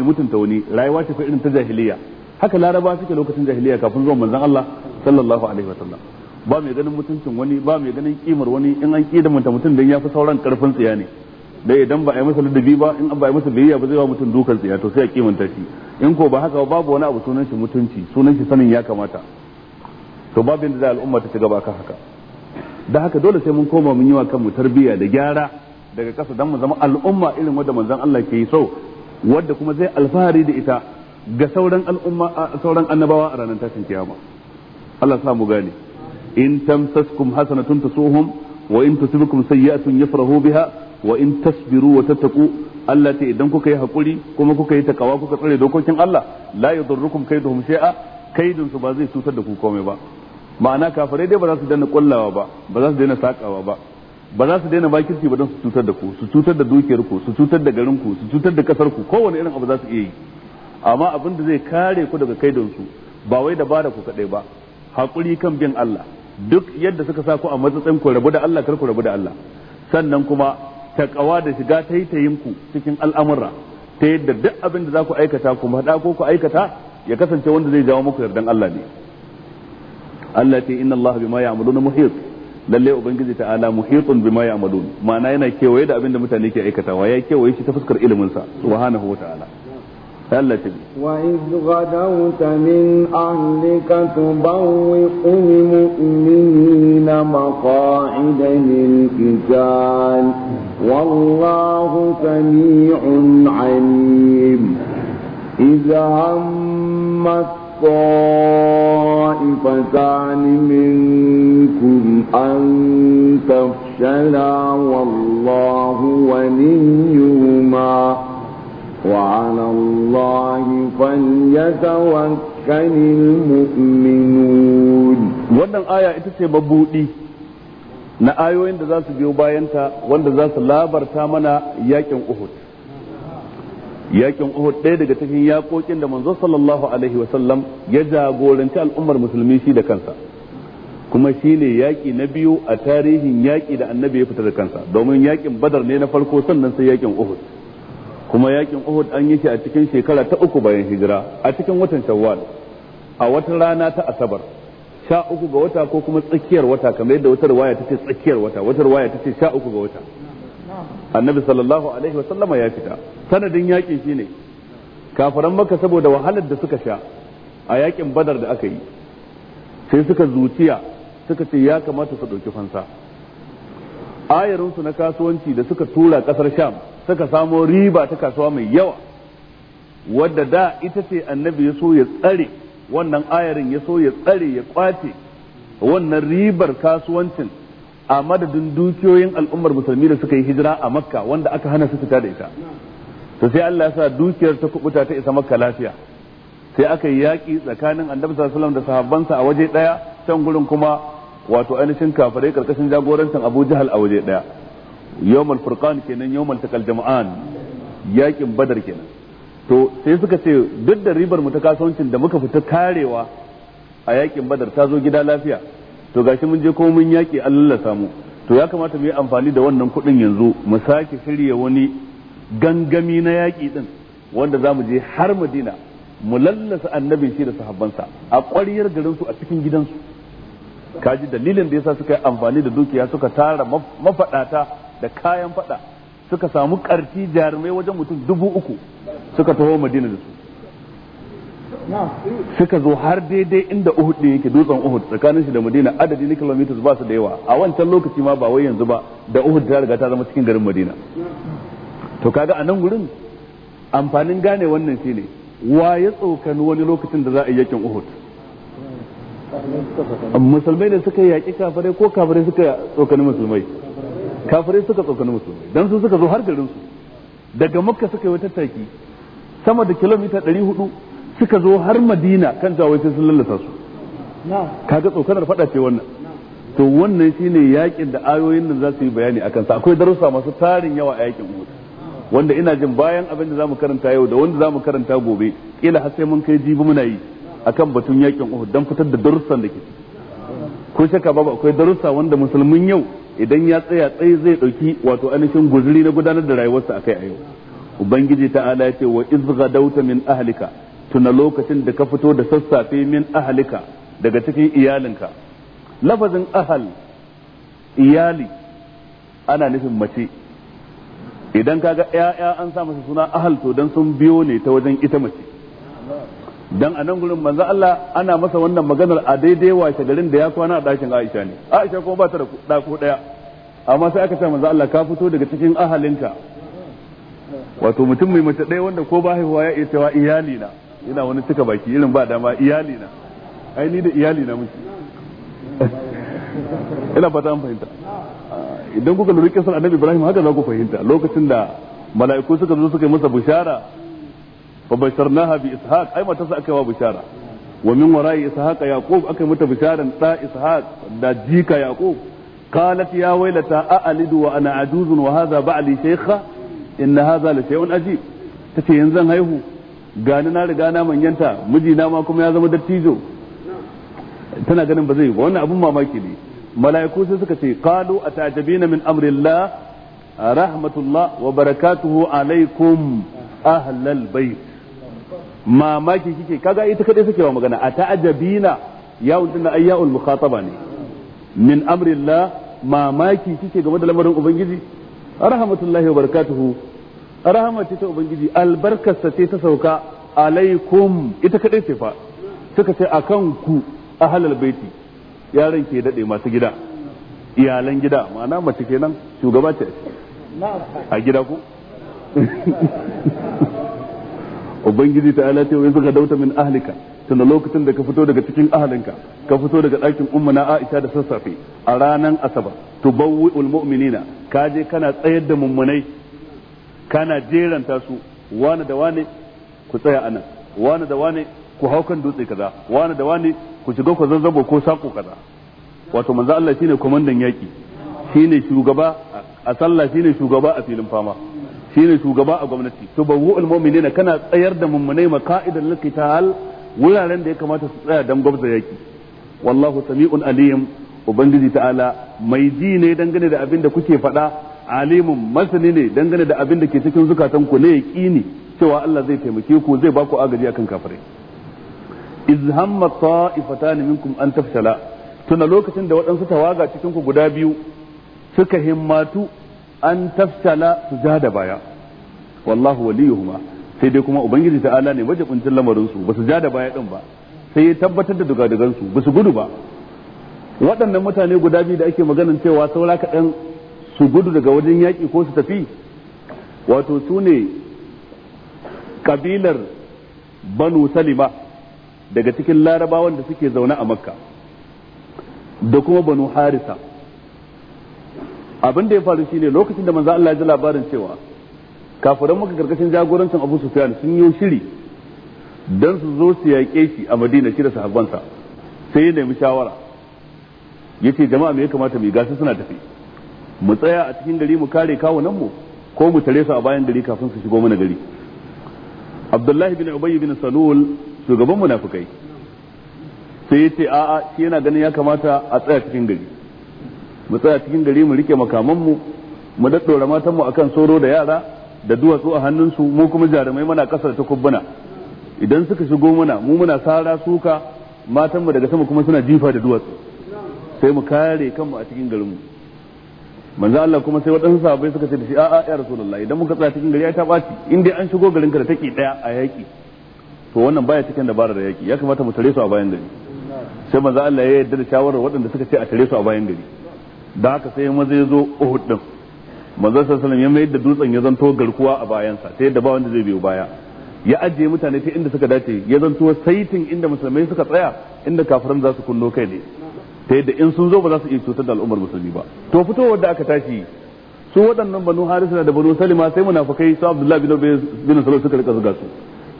mutunta wani rayuwa ce fa irin ta jahiliya haka laraba suke lokacin jahiliya kafin zuwan manzon Allah sallallahu alaihi wa sallam ba mai ganin mutuncin wani ba mai ganin kimar wani in an kida mutum mutum dan yafi sauran karfin tsiya ne da idan ba a yi masa ladabi ba in ba a yi masa biyayya ba zai wa mutum dukan tsiya to sai a kimanta shi in ko ba haka babu wani abu sunan shi mutunci sunan shi sanin ya kamata to babu yadda za al'umma ta ci gaba kan haka da haka dole sai mun koma mun yi wa kanmu tarbiyya da gyara daga kasa dan mu zama al'umma irin wadda manzon Allah ke yi so wanda kuma zai alfahari da ita ga sauran al'umma sauran annabawa a ranar tashin kiyama Allah sa mu gane in tamsaskum hasanatun tasuhum wa in tusibukum sayyi'atun yafrahu biha wa in tasbiru wa tattaqu Allah ta idan kuka yi hakuri kuma kuka yi takawa kuka tsare dokokin Allah la yadurrukum kaiduhum shay'a kaidun su ba zai cutar da ku komai ba ma'ana kafirai dai ba za su daina kullawa ba ba za su daina sakawa ba ba za su daina bakirci ba don su cutar da ku su cutar da dukiyarku. su cutar da garin ku su cutar da kasar ku kowane irin abu za su iya yi amma abin da zai kare ku daga kai su ba wai da bada ku kadai ba hakuri kan bin Allah duk yadda suka sa ku a matsatsin ku rabu da Allah kar ku rabu da Allah sannan kuma takawa da shiga taitayin ku cikin al'amura ta yadda duk abin da za ku aikata ku hada ko ku aikata ya kasance wanda zai jawo muku yardan Allah ne Allah ta inna Allah bima ya'maluna muhit lalle ubangiji ta'ala muhitun bima ya'malun ma'ana yana kewaye da abin da mutane ke aikatawa ya kewaye shi ta fuskar ilimin sa subhanahu wa وإذ غدوت من أهلك تبوئ المؤمنين مقاعد للقتال والله سميع عليم إذا هم الطائفتان منكم أن تفشلا والله وليهما وعلى الله فليتوكل المؤمنون wannan aya ita ce mabudi na ayoyin da za su biyo bayanta wanda za su labarta mana yakin Uhud yakin Uhud ɗaya daga cikin yakokin da manzo sallallahu alaihi wasallam ya jagoranci al'ummar musulmi shi da kansa kuma shi ne yaƙi na biyu a tarihin yaƙi da annabi ya fita da kansa domin yaƙin badar ne na farko sannan sai yaƙin Uhud kuma yakin Uhud an yi shi a cikin shekara ta uku bayan hijira a cikin watan Shawwal a wata rana ta Asabar sha uku ga wata ko kuma tsakiyar wata kamar yadda wata riwaya tace tsakiyar wata wata riwaya tace sha uku ga wata Annabi sallallahu alaihi wa sallama ya fita sanadin yakin shine kafiran Makka saboda wahalar da suka sha a yakin Badar da aka yi sai suka zuciya suka ce ya kamata su ɗauki fansa ayarinsu na kasuwanci da suka tura ƙasar sham suka samo riba ta kasuwa mai yawa wadda da ita ce annabi ya so ya tsare wannan ayarin ya so ya tsare ya kwace wannan ribar kasuwancin a madadin dukiyoyin al'ummar musulmi da suka yi hijira a makka wanda aka hana su fita da ita to sai Allah ya sa dukiyar ta kubuta ta isa makka lafiya sai aka yi yaki tsakanin annabi sallallahu alaihi wasallam da sahabbansa a waje daya can gurin kuma wato ainihin kafirai karkashin jagorancin Abu Jahal a waje daya yawmal furqan kenan yawmal taqal jama'an yakin badar kenan to sai suka ce duk da ribar mu ta kasuwancin da muka fita karewa a yakin badar ta zo gida lafiya to gashi mun je kuma mun yaki Allah samu to ya kamata mu yi amfani da wannan kuɗin yanzu mu sake shirya wani gangami na yaƙi din wanda za mu je har Madina mu lallasa annabin shi da sahabbansa a ƙwariyar garin su a cikin gidansu kaji dalilin da yasa suka yi amfani da dukiya suka tara mafaɗata da kayan fada suka samu karfi jarumai wajen mutum dubu uku suka taho madina da su suka zo har daidai inda uhud din yake dutsen uhud tsakanin shi da madina adadi na kilometers ba su da yawa a wancan lokaci ma ba wai yanzu ba da uhud ta riga ta zama cikin garin madina to kaga a nan gurin amfanin gane wannan shine wa ya tsokani wani lokacin da za a yi yakin uhud musulmai ne suka yaƙi kafare ko kafirai suka tsokani musulmai kafirai suka tsokani musulmai dan su suka zo har garin su daga makka suka yi tattaki sama da kilomita 400 suka zo har madina kan jawai sai sun lallasa su kaga tsokanar fada ce wannan to wannan shine yakin da ayoyin nan za su yi bayani akan sa akwai darussa masu tarin yawa a yakin Uhud wanda ina jin bayan abin da zamu karanta yau da wanda zamu karanta gobe kila har sai mun kai jibi muna yi akan batun yakin Uhud dan fitar da darussan da ke ko shakka babu akwai darussa wanda musulmin yau idan ya tsaya tsaye zai ɗauki wato ainihin guzuri na gudanar da rayuwarsa akai a yau ubangiji ala ya ce wa iz dauta min ahlika tuna lokacin da ka fito da sassafe min ahlika daga cikin iyalinka lafazin ahal iyali ana nufin mace idan kaga 'ya'ya an sa masa suna ahal to dan sun biyo ne ta wajen ita mace dan a nan gurin manzo Allah ana masa wannan maganar a daidai washe garin da ya kwana a dakin Aisha ne Aisha kuma ba ta da da ko daya amma sai aka ce manzo Allah ka fito daga cikin ahalinka wato mutum mai mace ɗaya wanda ko ba haihuwa ya iya cewa iyali na ina wani cika baki irin ba dama iyali na ai ni da iyali na muke [LAUGHS] ina fata an fahimta idan kuka lura kisan annabi Ibrahim haka za ku fahimta lokacin da mala'iku suka zo suka yi masa bushara. fa basharnaha bi ishaq ai matarsa aka wa bishara wa min wara'i ishaq yaqub aka mata bisharan da ishaq da jika yaqub قالت يا ويلتى أألد وأنا عجوز وهذا بعلي شيخة إن هذا لشيء عجيب تتي ينزن هيهو gani na riga na manyanta mijina ma kuma ya zama dattijo tana ganin bazai zai ba wannan abun mamaki ne mala'iku sai suka ce qalu atajabina min amrillah rahmatullah wa barakatuhu alaikum ahlal bai. mamaki kike kaga ita kadai suke wa magana a ta'ajabina yawun din ayyaul mukhataba ne min amrillah mamaki kike game da lamarin ubangiji rahmatullahi wa barakatuhu rahmatu ta ubangiji albarkarsa ce ta sauka alaikum ita kadai ce fa suka ce akan ku ahlal baiti yaran ke dade masu gida iyalan gida ma'ana mace kenan shugaba ce a gida ku [LAUGHS] ubangiji ta ala ce wa yanzu dauta min ahlika tunda lokacin da ka fito daga cikin ahlinka ka fito daga dakin umma na Aisha da sassafe a ranar asabar tubawwi'ul mu'minina ka je kana tsayar da mummunai kana jeranta su wani da wani ku tsaya anan wani da wani ku hau kan dutse kaza wani da wani ku shiga ku zazzabo ko sako kaza wato manzo Allah shine komandan yaki shine shugaba a sallah shine shugaba a filin fama shine shugaba a gwamnati to bawu almu'minina kana tsayar da mummunai likita liqital wuraren da ya kamata su tsaya dan gwabza yaki wallahu sami'un alim ubangiji ta'ala mai ji ne dangane da abin da kuke faɗa alimun masani ne dangane da abin da ke cikin zukatan ku ne yaqini cewa Allah zai taimake ku zai ba ku agaji akan kafirai iz hamma ta'ifatan minkum an tafshala tuna lokacin da waɗansu tawaga cikin ku guda biyu suka himmatu an tafsala su ja da baya wallahu waliyuhuma sai dai kuma ubangiji ta'ala ne majibincin lamarin su ba su ja da baya din ba sai ya tabbatar da dugadugan su ba su gudu ba waɗannan mutane guda biyu da ake maganin cewa saura kaɗan su gudu daga wajen yaki ko su tafi wato su ne kabilar banu salima daga cikin larabawan da suke zaune a makka da kuma banu harisa abin da ya faru shine lokacin da manzo Allah ya ji labarin cewa kafiran maka karkashin jagorancin Abu Sufyan sun yi shiri dan su zo su yaƙe shi a Madina shi da sahabbansa sai ya nemi shawara yace jama'a me ya kamata mu gasu suna tafi mu tsaya a cikin gari mu kare kawunan mu ko mu tare su a bayan gari kafin su shigo mana gari Abdullahi bin Ubay bin Salul shugaban munafikai sai yace a'a shi yana ganin ya kamata a tsaya cikin gari mu tsaya cikin gari mu rike makamanmu mu daddora matanmu akan soro da yara da duwatsu a hannunsu mu kuma jarumai muna kasar ta kubbuna idan suka shigo mana mu muna sara suka matanmu daga sama kuma suna jifa da duwatsu sai mu kare kanmu a cikin garinmu manzo Allah kuma sai waɗansu sahabbai suka ce da shi a'a ya rasulullahi idan muka tsaya cikin gari ya ta ɓaci in dai an shigo garin ka da take daya a yaki to wannan baya cikin dabarar yaki ya kamata mu tare su a bayan gari sai manzo Allah ya yarda da shawarar waɗanda suka ce a tare su a bayan gari da haka sai maza ya zo uhud din manzon sallallahu ya mayar da dutsen ya zanto garkuwa a bayansa ta yadda ba wanda zai biyo baya ya ajiye mutane ta inda suka dace ya zanto saitin inda musulmai suka tsaya inda kafiran za su kunno kai ne ta yadda in sun zo ba za su iya cutar da al'ummar musulmi ba to fitowar da aka tashi su waɗannan banu harisa da banu salima sai munafukai su abdullahi bin ubay bin salo suka rika zuga su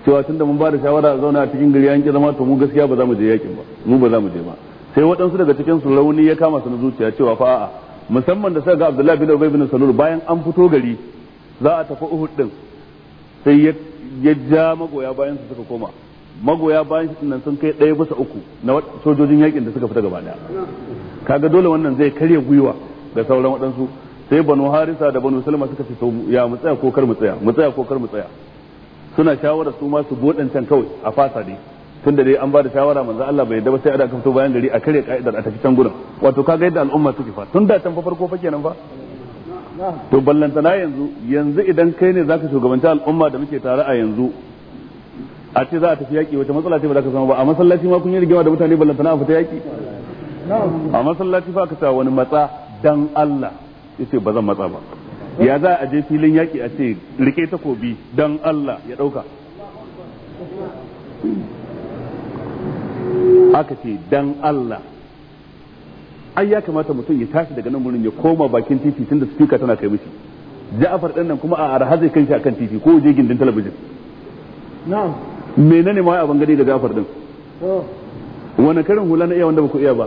cewa tunda mun ba da shawara zauna a cikin gari an ki zama to mu gaskiya ba za mu je yakin ba mu ba za mu je ba sai waɗansu daga cikin su rauni ya kama su na zuciya cewa fa a musamman da suka ga Abdullahi bin Ubay bin Salul bayan an fito gari za a tafi Uhud din sai ya ja magoya bayan su suka koma magoya bayan shi nan sun kai ɗaya bisa uku na sojojin yakin da suka fita gaba daya kaga dole wannan zai karya gwiwa ga sauran waɗansu sai banu harisa da banu salma suka ce ya mu tsaya ko kar mu tsaya mu tsaya ko kar mu tsaya suna shawarar su ma su can kawai a fasa dai tun da dai an ba da shawara manzo Allah bai yadda ba sai a aka fito bayan gari a kare ka'idar a tafi can gurin wato kaga yadda al'umma suke fa tun da can fa farko fa kenan fa to ballanta na yanzu yanzu idan kai ne zaka shugabanci al'umma da muke tare a yanzu a ce za a tafi yaki wata matsala ce ba za ka samu ba a masallaci ma kun yi rigima da mutane ballanta a fita yaki a masallaci fa ka sa wani matsa dan Allah yace ba zan matsa ba ya za a je filin yaki a ce rike takobi dan Allah ya dauka aka ce dan Allah ai ya kamata mutum ya tashi daga nan gurin ya koma bakin titi tunda speaker tana kai mishi Ja'far din nan kuma a arha zai kai shi akan titi ko je gindin talabijin na'am menene ma abin gani ga Ja'far din oh. wani karin hula na iya wanda baku iya ba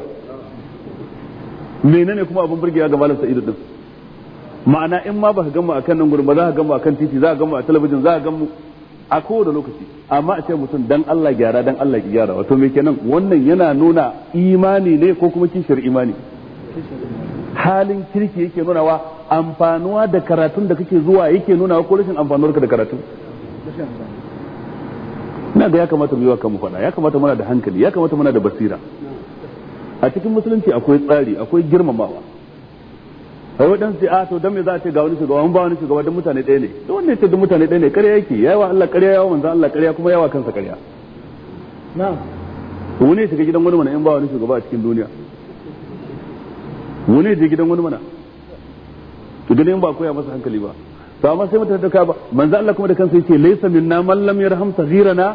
menene kuma abin burgewa ga malam Sa'idu din ma'ana in ma baka gama akan nan gurin ba za ka gama akan titi za ka gama a talabijin za ka gama a kowane lokaci amma a ce mutum dan Allah gyara dan Allah gyara wato me kenan wannan yana nuna imani ne ko kuma kishir imani halin kirki yake nuna wa amfanuwa da karatun da kake zuwa yake wa ko rashin amfanuwarka da karatun ina ga ya kamata mu yi wa kanmu faɗa ya kamata muna da hankali ya kamata muna da basira a cikin musulunci akwai tsari akwai girmamawa a wadansu sai ah, a to dan me za a ce ga wani shugaba wani ba wani shugaba dan mutane ɗaya ne duk wanda yace dan mutane ɗaya ne ƙarya yake yayi wa Allah ƙarya yawa manzo Allah ƙarya kuma yawa kansa ƙarya na'am wani ya shiga gidan wani mana in ba wani shugaba a cikin duniya wani ya je gidan wani mana to ganin ba koya masa hankali ba to amma sai mutane da ba manzo Allah kuma da kansa yace laysa minna man lam yarham saghirana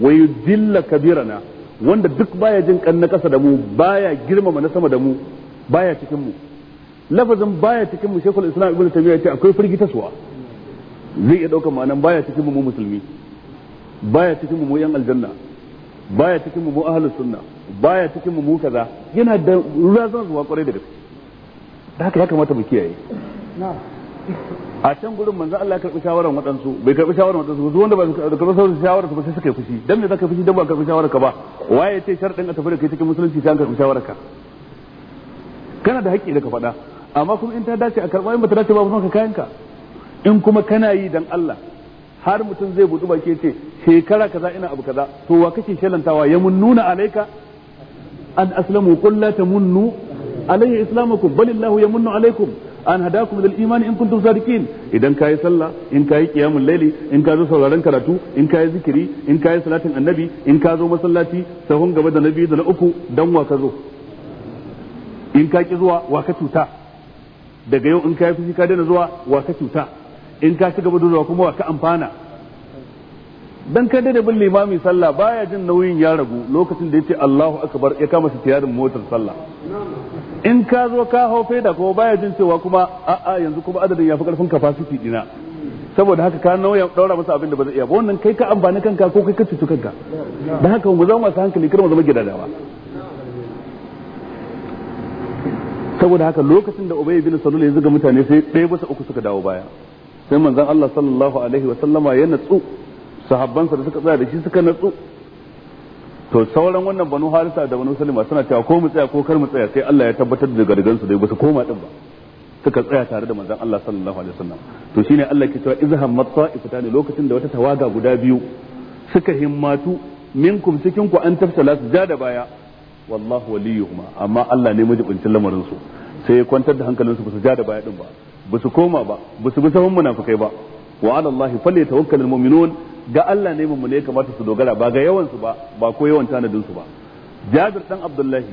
wa yudilla kabirana wanda duk baya jin kan na kasa da mu baya girmama na sama da mu baya cikin mu lafazin baya cikin mu shekul islam ibnu taymiya ce akwai firgitaswa zai iya daukar ma'anan baya cikin mu musulmi baya cikin mu yan aljanna baya cikin mu ahlus sunna baya cikin mu kaza yana da razan zuwa kwarai da da haka ya kamata mu kiyaye a can gurin manzo Allah ya karbi shawaran waɗansu bai karbi shawaran waɗansu zuwa wanda ba su karbi shawaran shawarar su ba sai suka yi fushi dan me zaka fushi dan ba karbi shawara ka ba waye ce sharɗin a tafi da kai cikin musulunci sai an karbi shawarar ka kana da haƙƙi da ka faɗa amma kuma in ta dace a karɓa in ba ta dace ba ka kayan ka in kuma kana yi dan Allah har mutum zai budu baki ce shekara kaza ina abu kaza to wa kake shelantawa ya mun nuna alaika an aslamu qul la tamunnu alayya islamakum balillahu yamunnu alaikum an hadakum lil iman in kuntum sadiqin idan kai sallah in kai qiyamul layli in ka zo sauraron karatu in kai zikiri in kai salatin annabi in ka zo masallaci sahun gaba da nabi da na uku dan wa ka zo in ka ki zuwa wa ka cuta daga yau in ka yi fushi ka daina zuwa wa ka cuta in ka ci gaba zuwa kuma wa ka amfana dan ka daina bin limami sallah baya jin nauyin ya ragu lokacin da yace Allahu akbar ya kama tiyarin motar sallah in ka zo ka hau feda ko baya jin cewa kuma a yanzu kuma adadin ya fi karfin capacity dina saboda haka ka nauya daura masa abin da ba zai iya ba wannan kai ka amfani kanka ko kai ka cuci kanka dan haka mu zama masu hankali kar mu zama gidadawa saboda haka lokacin da ubay bin salul ya zuga mutane sai ɗaya bisa uku suka dawo baya sai manzon Allah sallallahu alaihi wa sallama ya natsu sa da suka tsaya da shi suka natsu to sauran wannan banu harisa da banu salima suna cewa ko mu tsaya ko kar mu tsaya sai Allah ya tabbatar da gargan su dai ba su koma din ba suka tsaya tare da manzon Allah sallallahu alaihi wa sallam. to shine Allah ke cewa izham matsa ifitani lokacin da wata tawaga guda biyu suka himmatu minkum cikin ku an tafsala su ja da baya wallahu waliyuhuma amma Allah ne majibincin lamarin su sai ya kwantar da hankalin su ba ja da baya din ba ba su koma ba ba su bi sahun munafikai ba wa ala Allah falyatawakkalul mu'minun ga Allah ne ya kamata su dogara ba ga yawan su ba ba ko yawan tanadin su ba Jabir dan Abdullahi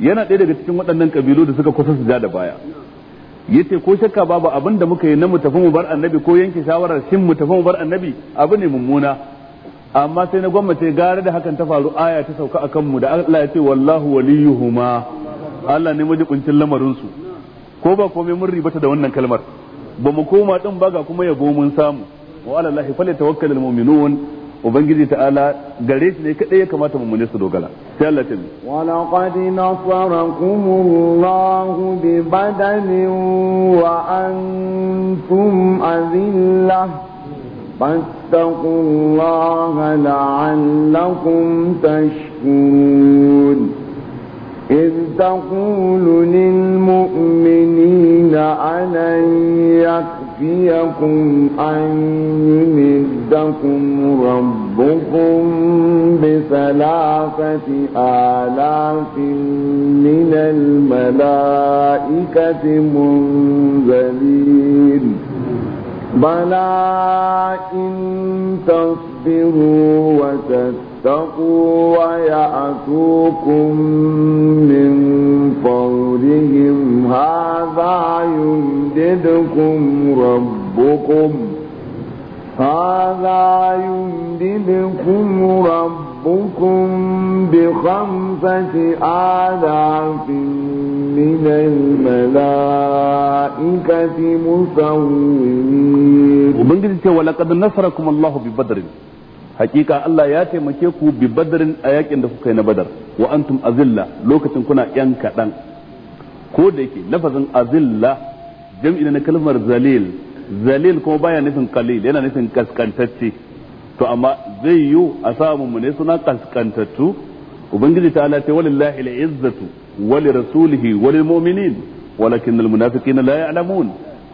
yana ɗaya daga cikin waɗannan kabilu da suka kusa su ja da baya yace ko shakka babu abin da muka yi na mu tafi mu bar annabi ko yanke shawarar shin mu tafi mu bar annabi abu ne mummuna amma sai na gwammace gare da hakan ta faru aya ta sauka akan mu da Allah ya ce wallahu waliyuhuma Allah ne kuncin lamarin su ko ba komai mun ribata da wannan kalmar ba mu koma din ba ga kuma yabo mun samu wa ala lahi falyatawakkalul mu'minun ubangiji ta'ala gare shi ne kadai ya kamata mu mummune su dogara sai Allah ta bi wa laqad Allahu bi badanin wa antum azillah فاتقوا الله لعلكم تشكرون إذ تقول للمؤمنين ألن يكفيكم أن يمدكم ربكم بثلاثة آلاف من الملائكة منزلين بلى إن تصبروا وتتقوا ويأتوكم من فورهم هذا يمددكم ربكم هذا يمددكم ربكم ربكم بخمسة آلاف من الملائكة مسومين وبنجد ولقد نصركم الله ببدر hakika Allah ya taimake ku bi badarin a yakin da kuka yi na badar wa antum azilla lokacin kuna yan kaɗan ko da yake lafazin azilla jam'i na kalmar zalil zalil kuma baya nufin qalil yana nufin kaskantacce to amma zai yi a samu mu ne suna kaskantattu ubangiji ta ala ta walillahi al-izzatu wali rasulihi wali mu'minin walakin al-munafiqina la ya'lamun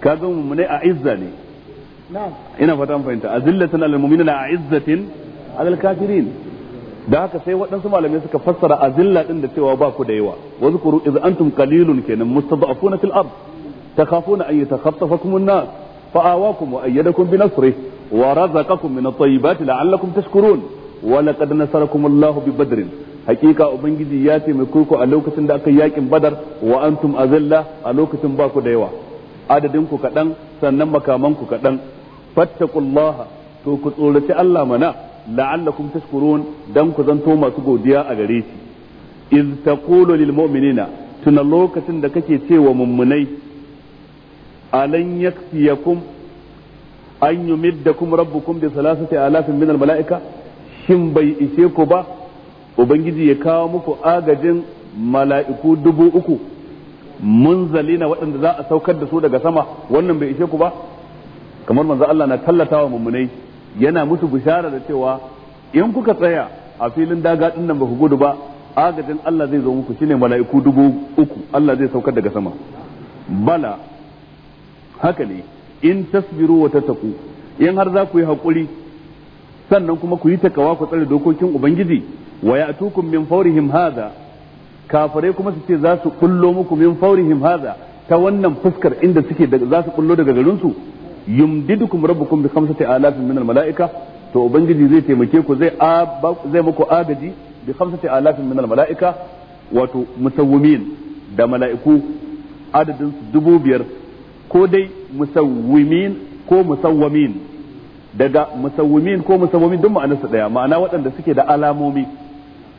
kaga mu ne a izza ne ina fata mun fahimta azillatan al-mu'minina a izzatin al kafirin da haka sai waɗansu malamai suka fassara azilla din da cewa ba ku da yawa wa zkuru iz antum qalilun kenan mustada'afuna fil ard takhafuna an yatakhaffafakum an-nas fa'awakum wa ayyadakum bi nasrihi wa razaqakum min at-tayyibati la'allakum tashkurun wa laqad nasarakum Allahu bi badrin hakika ubangiji ya taimake ku a lokacin da aka yakin badar wa antum azilla a lokacin baku ku da yawa adadin ku kadan sannan makaman ku kadan fattaqullaha to ku tsoraci Allah mana la'allakum tashkurun dan ku zanto masu godiya a gare shi iz taqulu mu'minina tuna lokacin da kake cewa mummunai alan yakfiyakum an yi kuma kuma da bi ta alafin min mala'ika shin bai ishe ku ba ubangiji ya kawo muku agajin mala'iku dubu uku mun zali na waɗanda za a saukar da su daga sama wannan bai ishe ku ba kamar manzo Allah na tallata wa mummunai yana musu bishara da cewa in kuka tsaya a filin daga ɗin nan ba ku gudu ba agajin Allah zai zo muku shine mala'iku dubu uku Allah zai saukar daga sama bala haka ne in tasbiru wa tattaqu in har za ku yi hakuri sannan kuma ku yi takawa ku tsare dokokin ubangiji wa ya'tukum min fawrihim hadha kafare kuma su ce za su kullo muku min fawrihim hadha ta wannan fuskar inda suke za su kullo daga garin su yumdidukum rabbukum bi khamsati alafin min al mala'ika to ubangiji zai taimake ku zai zai muku agaji bi khamsati alafin min al mala'ika wato musawwimin da mala'iku adadin su dubu biyar ko dai musawwimin ko musawwamin daga musawwimin ko musawwamin duk su daya ma'ana waɗanda suke da alamomi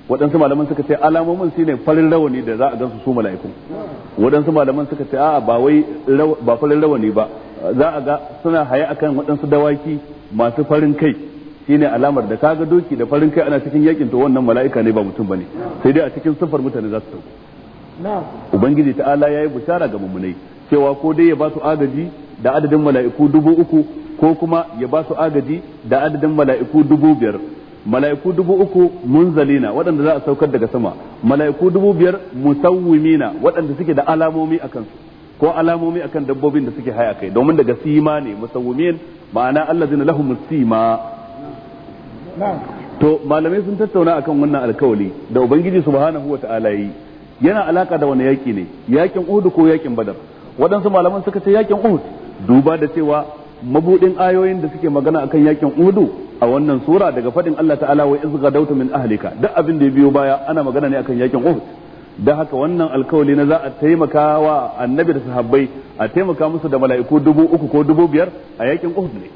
waɗansu malaman suka ce alamomin shine farin rawani da za a gansu su mala'iku waɗansu malaman suka ce a'a ba wai ba farin rawani ba za a ga suna haya akan waɗansu dawaki masu farin kai shine alamar da kaga doki da farin kai ana cikin yakin to wannan mala'ika ne ba mutum bane sai dai a cikin sufar mutane za su tauko ubangiji ta'ala yayi bushara ga mumunai cewa ko dai ya ba su agaji da adadin mala'iku dubu uku ko kuma ya ba su agaji da adadin mala'iku dubu biyar mala'iku dubu uku munzalina waɗanda za a saukar daga sama mala'iku dubu biyar musawwimina waɗanda suke da alamomi a kansu ko alamomi akan dabbobin da suke haya kai domin daga sima ne musawwimin ma'ana Allah zina lahu sima to malamai sun tattauna akan wannan alkawali da ubangiji subhanahu ta'ala yi yana alaka da wani yaki ne yakin uhud ko yakin badar waɗansu malaman suka ce yakin uhud duba da cewa mabudin ayoyin da suke magana akan yakin udu a wannan sura daga fadin Allah ta'ala wa iz gadawta min ahlika duk abin da ya biyo baya ana magana ne akan yakin uhud da haka wannan alkawali na za a taimaka wa annabi da sahabbai a taimaka musu da mala'iku dubu uku ko dubu biyar a yakin uhud ne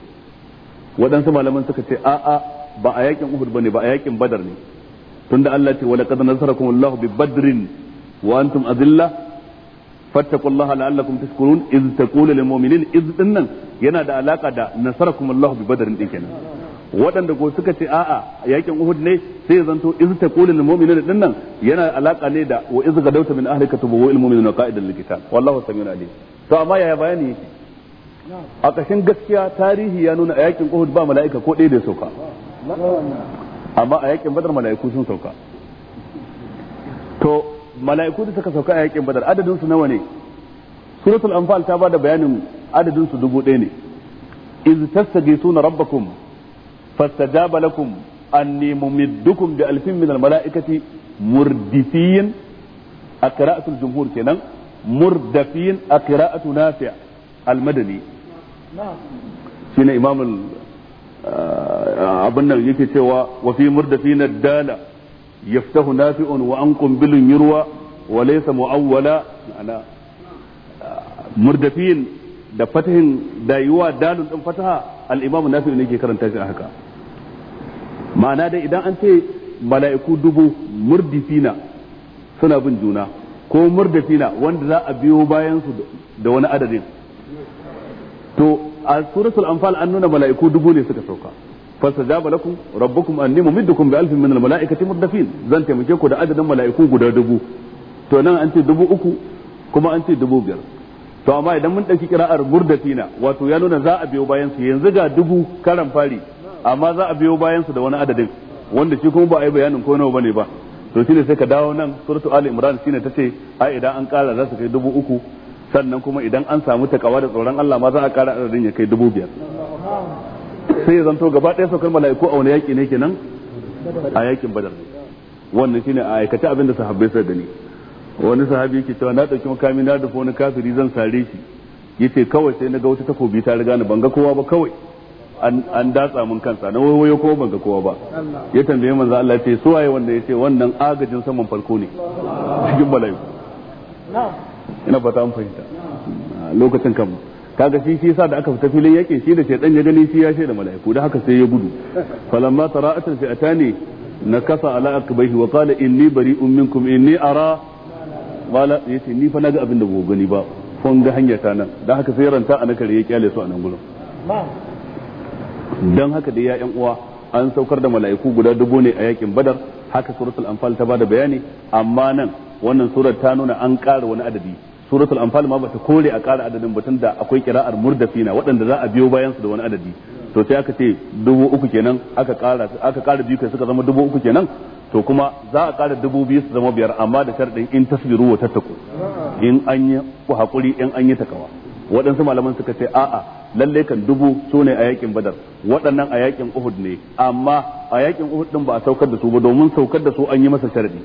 waɗansu malaman suka ce a'a ba a yakin uhud bane ba a yakin badar ne tunda Allah ce wa laqad nasarakum Allahu bi badrin wa antum fattaqullaha la'allakum tashkurun iz taqulu lil mu'minin iz dinnan yana da alaka da nasarakumullahu bi badarin din kenan waɗanda ko suka ce a'a yakin Uhud ne sai zanto iz taqulu lil mu'minin dinnan nan yana alaka ne da wa iz gadawta min ahlika tubawu lil mu'minina qa'idan lil kitab wallahu samiun alim to amma yaya bayani yake a kashin gaskiya tarihi ya nuna a yakin Uhud ba mala'ika ko ɗaya da sauka amma a yakin Badar mala'iku sun sauka to mala'iku da suka sauka a yakin badar adadin su nawa ne suratul anfal ta bada bayanin adadin su dubu ɗaya ne iz tastagisuna rabbakum fastajaba lakum anni mumiddukum bi alfin min al mala'ikati murdifin a jumhur kenan murdafin a qira'atu nafi' al madani shine imam ah, abin nan yake cewa wa fi murdafin ad-dala yaftahu nafi'un wa anqum bilun yurwa wa laysa mu'awwala ana uh, murdafiyin da fatahin da yiwa dalun din fataha al-imam nafi'u ne ke karanta shi haka ma'ana da idan an ce mala'iku dubu murdifina suna bin juna ko murdafina wanda za a biyo bayan su da wani adadin to a suratul anfal an nuna mala'iku dubu ne suka sauka fastajaba lakum rabbukum anni mumiddukum bi alfin min almalaikati muddafin zan taimake ku da adadin mala'iku guda dubu to nan an ce dubu uku kuma an ce dubu biyar to amma idan mun dauki kira'ar murdatina wato ya nuna za a biyo bayan su yanzu ga dubu karan fari amma za a biyo bayan su da wani adadin wanda shi kuma ba a yi bayanin ko nawa bane ba to shine sai ka dawo nan suratu ali imran shine tace ai idan an kara za su kai dubu uku sannan kuma idan an samu takawa da tsoron Allah ma za a kara adadin ya kai dubu biyar sai ya zanto gaba ɗaya saukar mala'iku a wani yaƙi ne kenan a yaƙin badar wannan shine a aikata abin da sahabbai suka gani wani sahabi yake cewa na ɗauki makami na dafa wani kafiri zan sare shi yace kawai sai na ga wata takobi ta riga ni ban ga kowa ba kawai an datsa mun kansa na wayo ko ban ga kowa ba ya tambaye manzo Allah ya ce su waye wanda yace wannan agajin saman farko ne cikin mala'iku ina fata an fahimta lokacin kan kaga shi shi sa da aka fita filin yake shi da shaidan ya gani shi ya shaida mala'iku da haka sai ya gudu falamma al fi'atani nakasa ala aqbahi wa qala inni bari'un minkum inni ara wala yace ni fa naga abin da gani ba kun ga hanya ta nan da haka sai ranta a nakare ya kyale su a nan gurin dan haka da ya yan uwa an saukar da mala'iku guda dubu ne a yakin badar haka suratul anfal ta bada bayani amma nan wannan surar ta nuna an ƙara wani adadi suratul anfal ma bata kore a ƙara adadin batun da akwai kira'ar murdafina waɗanda za a biyo bayan su da wani adadi to sai aka ce dubu uku kenan aka ƙara aka ƙara biyu kai suka zama dubu uku kenan to kuma za a ƙara dubu biyu su zama biyar amma da sharɗin in tasbiru wa tattaku in an yi haƙuri in an yi takawa waɗansu malaman suka ce a'a lalle kan dubu su ne a yakin badar waɗannan a yakin uhud ne amma a yakin uhud din ba a saukar da su ba domin saukar da su an yi masa sharɗi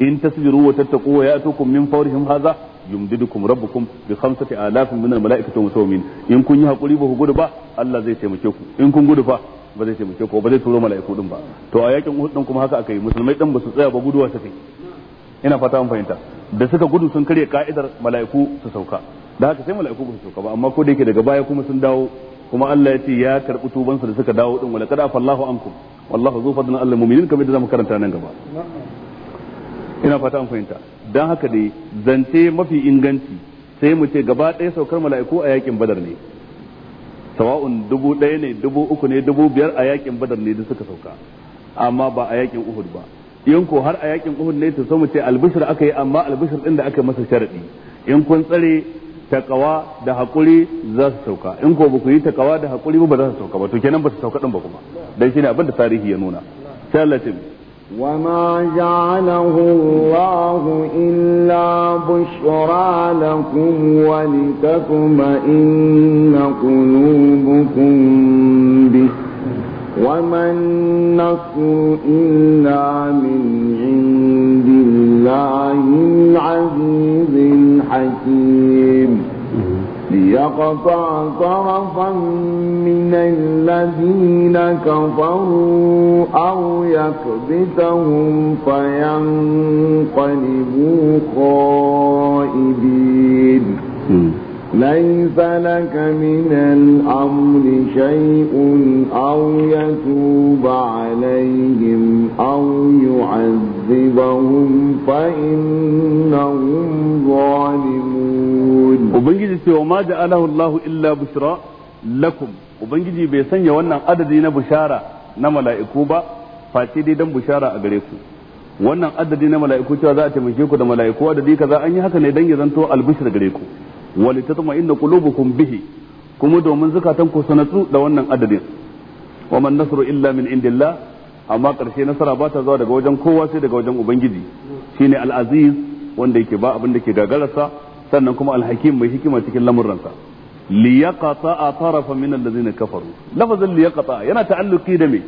in tasbiru wa tattaku wa ya'tukum min fawrihim hadha yumdidukum rabbukum bi khamsati alafin min al malaikati musawmin in kun yi hakuri ba ku gudu ba Allah zai taimake ku in kun gudu fa ba zai taimake ku ba zai turo mala'iku din ba to a yakin Uhud din kuma haka aka yi musulmai din ba su tsaya ba guduwa suka ina fata an fahimta da suka gudu sun karya ka'idar mala'iku su sauka da haka sai mala'iku ba su sauka ba amma ko da yake daga baya kuma sun dawo kuma Allah ya ce ya karbi tuban su da suka dawo din wala qad afallahu ankum wallahu zu fadlan al mu'minin kamar da zamu karanta nan gaba ina fata an fahimta dan haka dai zance mafi inganci sai mu ce gaba ɗaya saukar mala'iku a yakin badar ne sawa'un dubu ɗaya ne dubu uku ne dubu biyar a yakin badar ne da suka sauka amma ba a yakin uhud ba in ko har a yakin uhud ne to sai mu ce albishir aka yi amma albishir ɗin da aka masa sharadi in kun tsare takawa da hakuri za su sauka in ko ku yi takawa da hakuri ba za su sauka ba to kenan ba su sauka ɗin ba kuma dan shine abin da tarihi ya nuna sai Allah ya وما جعله الله إلا بشرى لكم ولتطمئن قلوبكم به وما النصر إلا من عند الله العزيز الحكيم ليقطع طرفا من الذين كفروا أو يكبتهم فينقلبوا خائبين ليس لك من الأمر شيء أو يتوب عليهم أو يعذبهم فإنهم ظالمون وبنجي سوى ما جعله الله إلا بشرى لكم وبنجي بيسن يوانا عددين بشارة نملائكو با فاتيدي دم بشارة أغريكو wannan adadi na mala'iku cewa za a taimake ku da mala'iku adadi kaza an yi haka ne dan ya zanto albishir gare ku na litatma'inna qulubukum bihi kuma domin zakatan ku sanatsu da wannan adadin wa man nasru illa min indillah amma karshe nasara ba ta zuwa daga wajen kowa sai daga wajen ubangiji shine al-aziz wanda yake ba abin da ke gagararsa sannan kuma al-hakim mai hikima cikin lamuransa liyaqata tarafa min allazina kafaru lafazin liyaqata yana ta'alluqi da me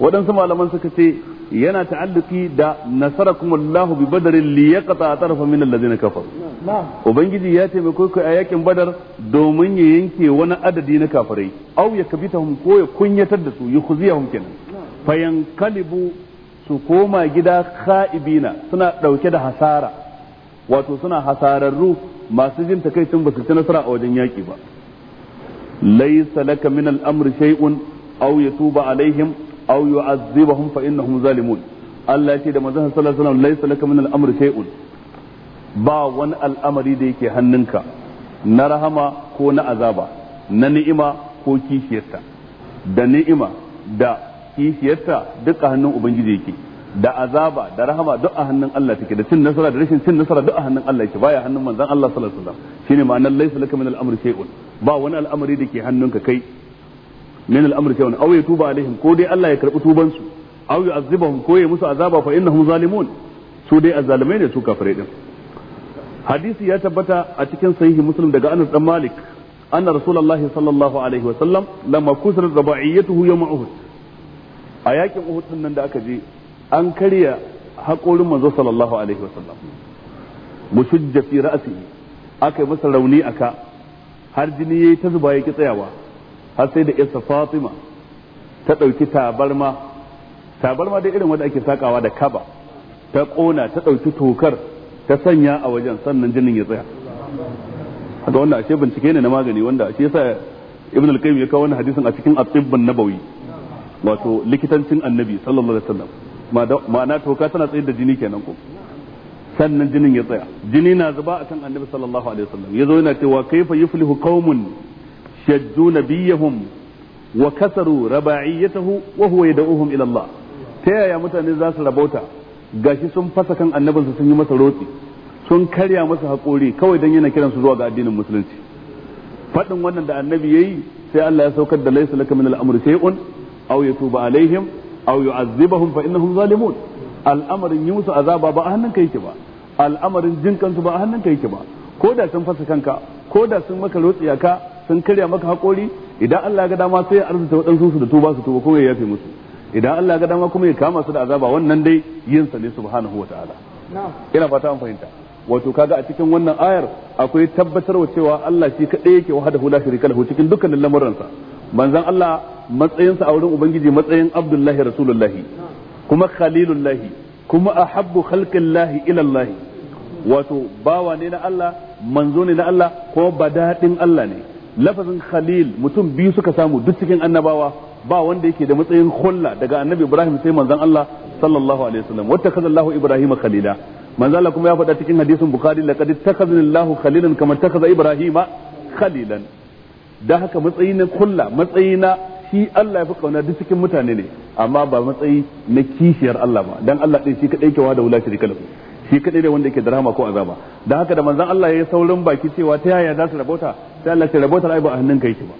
waɗansu malaman suka ce yana ta'alluki da nasarakum Allahu bi badarin li yaqta tarfa min alladhina kafaru ubangiji ya taimako ku a yakin badar domin ya yanke wani adadi na kafirai aw yakbitahum ko ya kunyatar da su yukhziyahum kenan fayankalibu su koma gida kha'ibina suna dauke da hasara wato suna hasararru masu jin takaicin sun basu ci nasara a wajen yaki ba laysa laka min al-amri shay'un aw yatuba alaihim aw yu'azzibahum fa innahum Allah ya ce da manzon sallallahu alaihi wasallam laysa laka min al-amri ba wani al'amari da yake hannunka na rahama ko na azaba na ni'ima ko kishiyarta da ni'ima da kishiyarta duk a hannun ubangiji yake da azaba da rahama duk a hannun Allah take da cin nasara da rashin cin nasara duk a hannun Allah yake baya hannun manzon Allah sallallahu alaihi wasallam shine ma'anar laysa laka min al-amri shay'un ba wani al'amari da ke hannunka kai min al-amr shay'un aw yatuba alaihim ko dai Allah ya karbi tuban su aw yu'azzibahum ko ya musu azaba fa zalimun su dai azzalimai ne su kafirai din hadisi ya tabbata a cikin sahihi muslim daga Anas dan Malik anna rasulullahi sallallahu alaihi wa sallam lamma kusrat rabaiyatuhu yawm uhud a yakin uhud din nan da aka je an karya haƙorin manzo sallallahu alaihi wa sallam mushujja fi ra'sihi aka yi masa rauni aka har jini yayi ta zuba yake tsayawa har sai da isa fatima ta ɗauki tabarma tabarma dai irin wanda ake sakawa da kaba ta ƙona ta ɗauki tokar ta sanya a wajen sannan jinin ya tsaya haka wanda ashe bincike ne na magani wanda ashe yasa ibn al-qayyim ya kawo wannan hadisin a cikin at-tibbun nabawi wato likitancin annabi sallallahu alaihi wasallam ma'ana toka tana tsayar da jini kenan ko sannan jinin ya tsaya jini na zuba a kan annabi sallallahu alaihi wasallam yazo yana cewa kaifa yuflihu qaumun shajju nabiyahum wa kasaru raba'iyatahu wa huwa da ila Allah ta yaya mutane za su rabauta gashi sun fasa kan annabinsu sun yi masa rotsi sun karya masa haƙuri kawai don yana kiransu zuwa ga addinin musulunci faɗin wannan da annabi ya yi, sai Allah ya saukar da laysa laka min al-amri shay'un aw yatuba alaihim aw yu'azzibahum fa innahum zalimun al'amarin yi musu azaba ba a hannunka yake ba al'amarin jin kansu ba a hannunka yake ba ko da sun fasa kanka ko da sun maka rotsiya ka sun karya maka hakori idan Allah ga dama sai ya arzuta waɗansu su da tuba su tuba kuma ya yafe musu idan Allah ga dama kuma ya kama su da azaba wannan dai yin sa ne subhanahu wataala ina fata an fahimta wato kaga a cikin wannan ayar akwai tabbatarwa cewa Allah shi kadai yake wahdahu la sharika lahu cikin dukkanin lamuransa manzon Allah matsayinsa a wurin ubangiji matsayin Abdullahi Rasulullahi kuma Khalilullahi kuma ahabbu khalqillahi ila Allah wato bawa ne na Allah manzo ne na Allah kuma badadin Allah ne lafazin khalil mutum biyu suka samu duk cikin annabawa ba wanda yake da matsayin kulla daga annabi ibrahim sai manzon allah sallallahu alaihi wasallam wata kaza allah ibrahim khalila manzon allah kuma ya faɗa cikin hadisin bukhari laqad takhazna allah khalilan kama takhaza Ibrahim khalilan da haka matsayi na kulla matsayi na shi allah ya fi kauna duk cikin mutane ne amma ba matsayi na kishiyar allah ba dan allah din shi kadai ke wa da wula shirka shi kadai ne wanda yake da rahama ko azaba dan haka da manzon Allah ya saurin baki cewa ta yaya za su rabota sai Allah ya rabota ai ba a hannun kai ki ba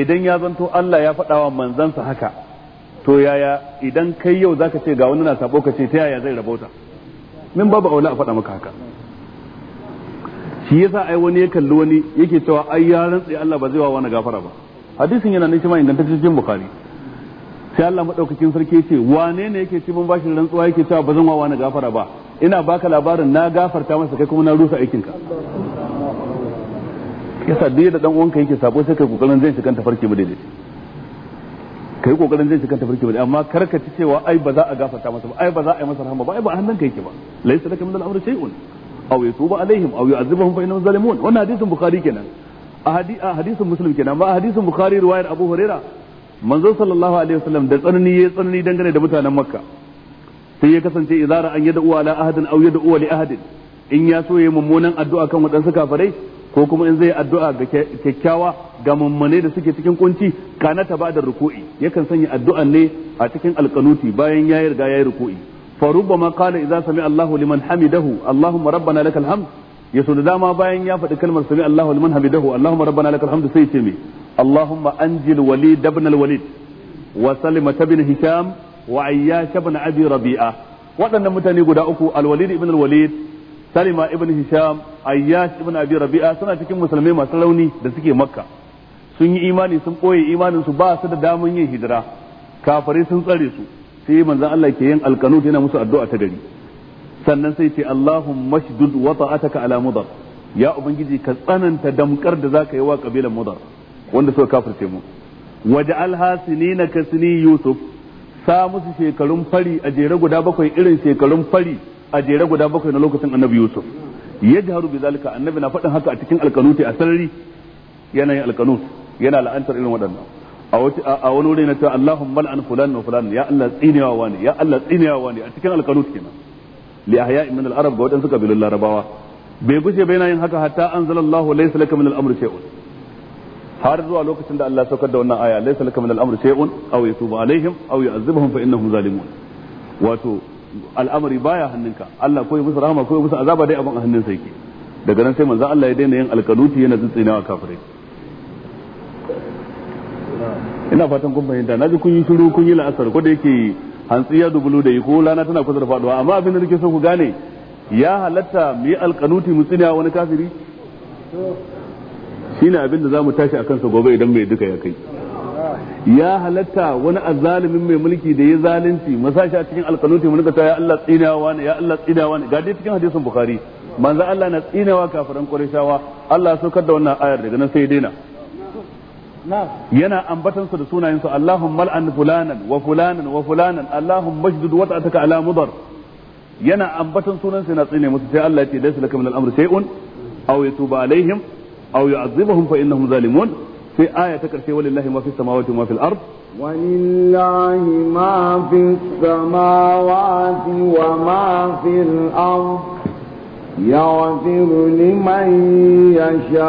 idan ya zanto Allah ya faɗa wa manzansa haka to yaya idan kai yau zaka ce ga wani na sabo ka ce ta yaya zai rabota min babu aula a faɗa maka haka shi yasa ai wani ya kalli wani yake cewa ai ya rantsi Allah ba zai wa wani gafara ba hadisin yana nan shi ma ingantacce cikin bukhari sai Allah madaukakin sarki ce wane ne yake cikin bashin rantsuwa yake cewa ba zan wa wani gafara ba ina baka labarin na gafarta masa kai kuma na rusa aikinka yasa dai da dan uwanka yake sabo sai kai kokarin zai shiga tafarki mu daidai kai kokarin zai shiga tafarki mu daidai amma ka ci cewa ai ba za a gafarta masa ba ai ba za a yi masa rahama ba ai ba a hannunka yake ba laysa laka min al-amri shay'un aw yatuba alaihim aw yu'adhibuhum fa innahum zalimun wannan hadisin bukhari kenan a hadisin muslim kenan amma a hadisin bukhari riwayar abu huraira manzo sallallahu alaihi wasallam da tsanani ya tsanani dangane da mutanen makka sai ya kasance izara an yada uwa la ahadin aw yada uwa li ahadin in ya so yayi mummunan addu'a kan wadansu kafirai ko kuma in zai addu'a ga kyakkyawa ga mummune da suke cikin kunci kana ta ba da ruku'i yakan sanya addu'an ne a cikin alqanuti bayan ya riga yayi ruku'i fa rubbama qala idza sami Allahu liman hamidahu Allahumma rabbana lakal hamd ya so da dama bayan ya faɗi kalmar sami Allahu liman hamidahu Allahumma rabbana lakal hamd sai ce me اللهم أنجل وليد بن الوليد وسلمة بن هشام وعياش بن أبي ربيعة وأنا متاني قد أكو الوليد بن الوليد سلمة بن هشام عياش بن أبي ربيعة سنة تكون مسلمين مسلوني دسكي مكة sun yi imani sun ɓoye imanin su ba su da damun yin hijira kafare sun tsare su sai manzon Allah ke yin alkanut yana musu addu'a ta gari sannan sai ce Allahumma shdud wa ta'ataka ala mudar ya ubangiji ka tsananta damkar da zaka yi wa kabilan mudar wanda suka kafirce mu waj'alha sinina ka sini yusuf sa musu shekarun fari a jere guda bakwai irin shekarun fari a jere guda bakwai na lokacin annabi yusuf yajharu bi zalika annabi na faɗin haka a cikin alkanuti a sarari yana yin alkanut yana la'antar irin waɗannan a wani wuri na cewa Allahumma mal'an fulan wa fulan ya Allah tsinewa wani ya Allah tsinewa ne a cikin alkanut kenan li ahya'i min al-arab ga wadansu kabilun larabawa bai gushe bai yana yin haka hatta anzalallahu laysa laka min al-amri shay'un har zuwa lokacin da Allah saukar da wannan aya laysa laka min al-amri shay'un aw yatubu alaihim aw yu'adhibuhum fa innahum zalimun wato al'amari baya hannunka Allah ko ya musu rahama ko ya musu azaba dai abin a hannunsa yake daga nan sai manzo Allah ya daina yin alkanuti yana tsitsinawa kafirai ina fatan kun fahimta naji kun yi shiru kun yi la'asar ko da yake hantsi ya dubulu da yi ko lana tana kusa da faduwa amma abin da nake so ku gane ya halatta mu yi alkanuti mu tsina wani kafiri shine abin da zamu tashi akan sa gobe idan mai duka ya kai ya halatta wani azalimin mai mulki da ya zalunci masashi a cikin alkanuti mun ta ya Allah tsinawa ne ya Allah tsinawa ne ga dai cikin hadisin bukhari manzo Allah na tsinawa kafiran qurayshawa Allah ya saukar da wannan ayar daga nan sai daina yana ambatan su da sunayen su Allahumma al'an fulanan wa fulanan wa fulanan Allahumma majdud wa ta'ataka ala mudar yana ambatan sunan sai na tsine musu sai Allah ya ce laysa lakum min al-amri shay'un aw yatuba alaihim أو يعذبهم فإنهم ظالمون في آية تكرسي ولله ما في السماوات وما في الأرض ولله ما في السماوات وما في الأرض يغفر لمن يشاء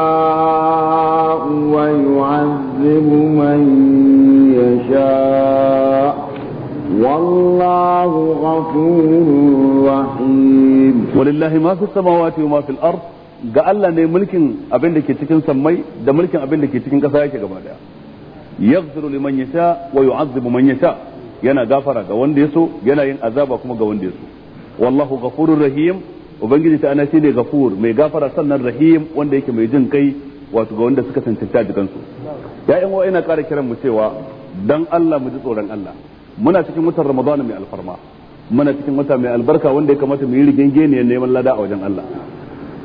ويعذب من يشاء والله غفور رحيم ولله ما في السماوات وما في الأرض ga Allah ne mulkin abin da ke cikin sammai da mulkin abin da ke cikin ƙasa yake gaba daya yaghfiru liman yasha wa yu'azzibu man yasha yana gafara ga wanda ya so yana yin azaba kuma ga wanda ya so wallahu ghafurur rahim ubangiji ta ana ne ghafur mai gafara sannan rahim wanda yake mai jin kai wato ga wanda suka tantance jikan su ya'yan wa ina ƙara kiran mu cewa dan Allah mu ji tsoron Allah muna cikin watan ramadana mai alfarma muna cikin wata mai albarka wanda ya kamata mu yi rigingine neman lada a wajen Allah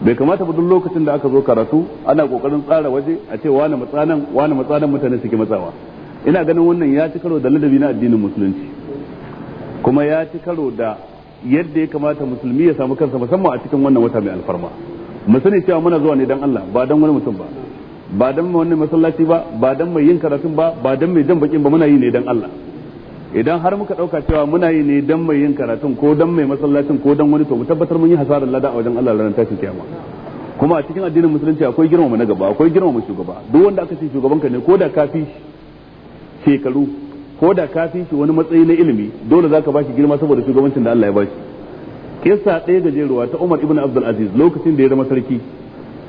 bai kamata ba duk lokacin da aka zo karatu ana kokarin tsara waje a ce wani matsanan wani matsanan mutane suke matsawa ina ganin wannan ya ci karo da ladabi na addinin musulunci kuma ya ci karo da yadda ya kamata musulmi ya samu kansa musamman a cikin wannan wata mai alfarma mu sani cewa muna zuwa ne dan Allah ba dan wani mutum ba ba dan wani masallaci ba ba dan mai yin karatun ba ba dan mai jan bakin ba muna yi ne dan Allah idan har muka dauka cewa muna yi ne dan mai yin karatun ko dan mai masallacin ko dan wani to mu tabbatar mun yi hasarar lada a wajen Allah ranar tashin kiyama kuma a cikin addinin musulunci akwai girmama na gaba akwai girmama shugaba duk wanda aka ce shugabanka ne ko da kafi shekaru ko da kafi shi wani matsayi na ilimi dole zaka bashi girma saboda shugabancin da Allah ya bashi kissa ɗaya gajeruwa ta Umar ibn Abdul Aziz lokacin da ya zama sarki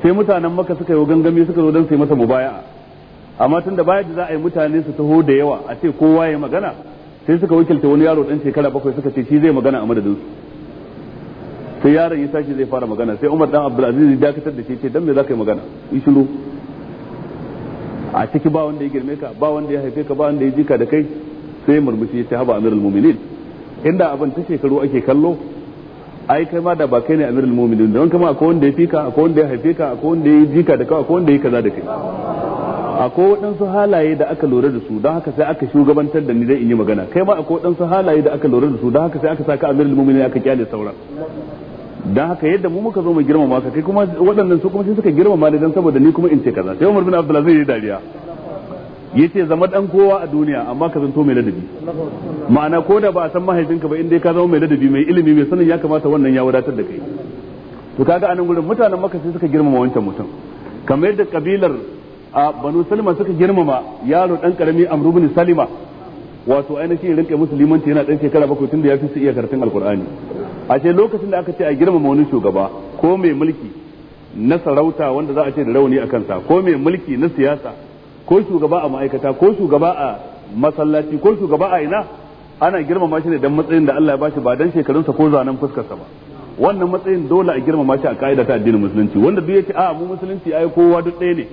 sai mutanen maka suka yi gangami suka zo don sai masa mubaya'a amma tun da baya da za a yi mutane su taho da yawa a ce kowa ya magana sai suka wakilta wani yaro dan shekara bakwai suka ce shi zai magana a madadin su sai yaron ya tashi zai fara magana sai Umar dan Abdul Aziz ya dakatar da shi ce dan me zaka yi magana yi shiru a ciki ba wanda ya girme ka ba wanda ya haife ka ba wanda ya jika da kai sai murmushi ya ce haba amirul mu'minin inda abin ta shekaru ake kallo ai kai ma da ba kai ne amirul mu'minin don kuma akwai wanda ya fika akwai wanda ya haife ka akwai wanda ya jika da kai akwai wanda ya kaza da kai akwai waɗansu halaye da aka lura da su don haka sai aka shugabantar da ni zai in yi magana kai ma akwai waɗansu halaye da aka lura da su don haka sai aka saka amirul mu'minin aka kyale sauran don haka yadda mu muka zo mu girmama ka kai kuma waɗannan su kuma sai suka girmama ni dan saboda ni kuma in ce kaza sai Umar bin zai ya dariya yace zama dan kowa a duniya amma ka zanto mai ladabi ma'ana ko da ba a san mahaifinka ba in dai ka zama mai ladabi mai ilimi mai sanin ya kamata wannan ya wadatar da kai to kaga anan gurin mutanen maka sai suka girmama wancan mutum kamar yadda kabilar a banu salima suka girmama yaro dan karami amru bin salima wato ainihin rinka musulmanci yana dan shekara bakwai tun da ya fi su iya karatun alkur'ani a ce lokacin da aka ce a girmama wani shugaba ko mai mulki na sarauta wanda za a ce da rauni a kansa ko mai mulki na siyasa ko shugaba a ma'aikata ko shugaba a masallaci ko shugaba a ina ana girmama shi ne dan matsayin da Allah ya bashi ba dan shekarunsa ko zanen fuskarsa ba wannan matsayin dole a girmama shi a ka'ida ta addinin musulunci wanda duk ya ce a mu musulunci ai kowa duk ɗaya ne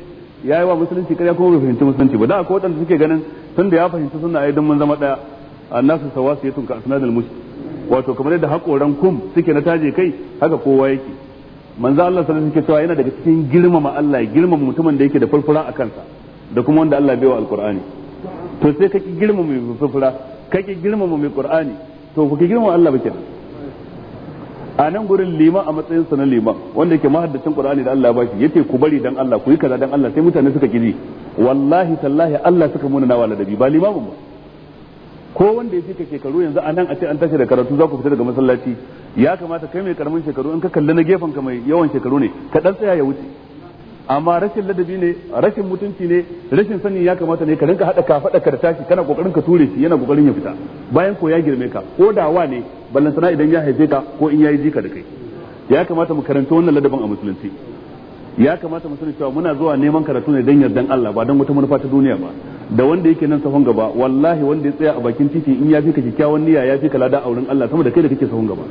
ya yi wa musulunci karya kuma bai fahimci musulunci ba da akwai waɗanda suke ganin tun da ya fahimci suna ayi don mun zama ɗaya annasu sawasu ya tunka asnadul mushi wato kamar yadda haƙoran kum suke na taje kai haka kowa yake manzo Allah sallallahu alaihi wasallam cewa yana daga cikin girmama Allah girmama mutumin da yake da fulfura a kansa da kuma wanda Allah bai wa alqur'ani to sai kake girmama mai furfura kake girmama mai qur'ani to kake girmama Allah ba a nan gurin liman a sa na liman wanda yake mahaddacin qur'ani da Allah ya shi yace ku bari dan Allah ku yi kaza dan Allah sai mutane suka kiji wallahi tallahi Allah suka muna nawa ladabi ba limamin ba ko wanda ya fika shekaru yanzu a nan a ce an tashi da karatu za ku fita daga masallaci ya kamata kai mai karamin shekaru in ka kalli na gefen ka mai yawan shekaru ne ka dan tsaya ya wuce amma rashin ladabi ne rashin mutunci ne rashin sani ya kamata ne ka rinka hada ka fada ka tashi kana kokarin ka ture shi yana kokarin ya fita bayan ko ya girme ka ko da wa ne ballantana idan ya haife ka ko in yayi jika da kai ya kamata mu karanta wannan ladabin a musulunci ya kamata mu cewa muna zuwa neman karatu ne dan yardan Allah ba don wata manufa ta duniya ba da wanda yake nan sahun gaba wallahi wanda ya tsaya a bakin titi in ya fi ka kyakkyawan niyya ya fi ka lada auren Allah sama da kai da kake sahun gaba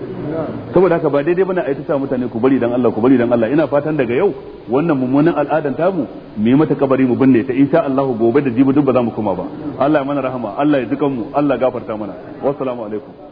saboda haka ba daidai bane a yi ta mutane ku bari dan Allah ku bari dan Allah ina fatan daga yau wannan mummunan al'adan tamu mu yi mata kabari mu binne ta insha Allah gobe da jibi duk ba za mu koma ba Allah ya mana rahama Allah ya dukan mu Allah gafarta mana wassalamu alaikum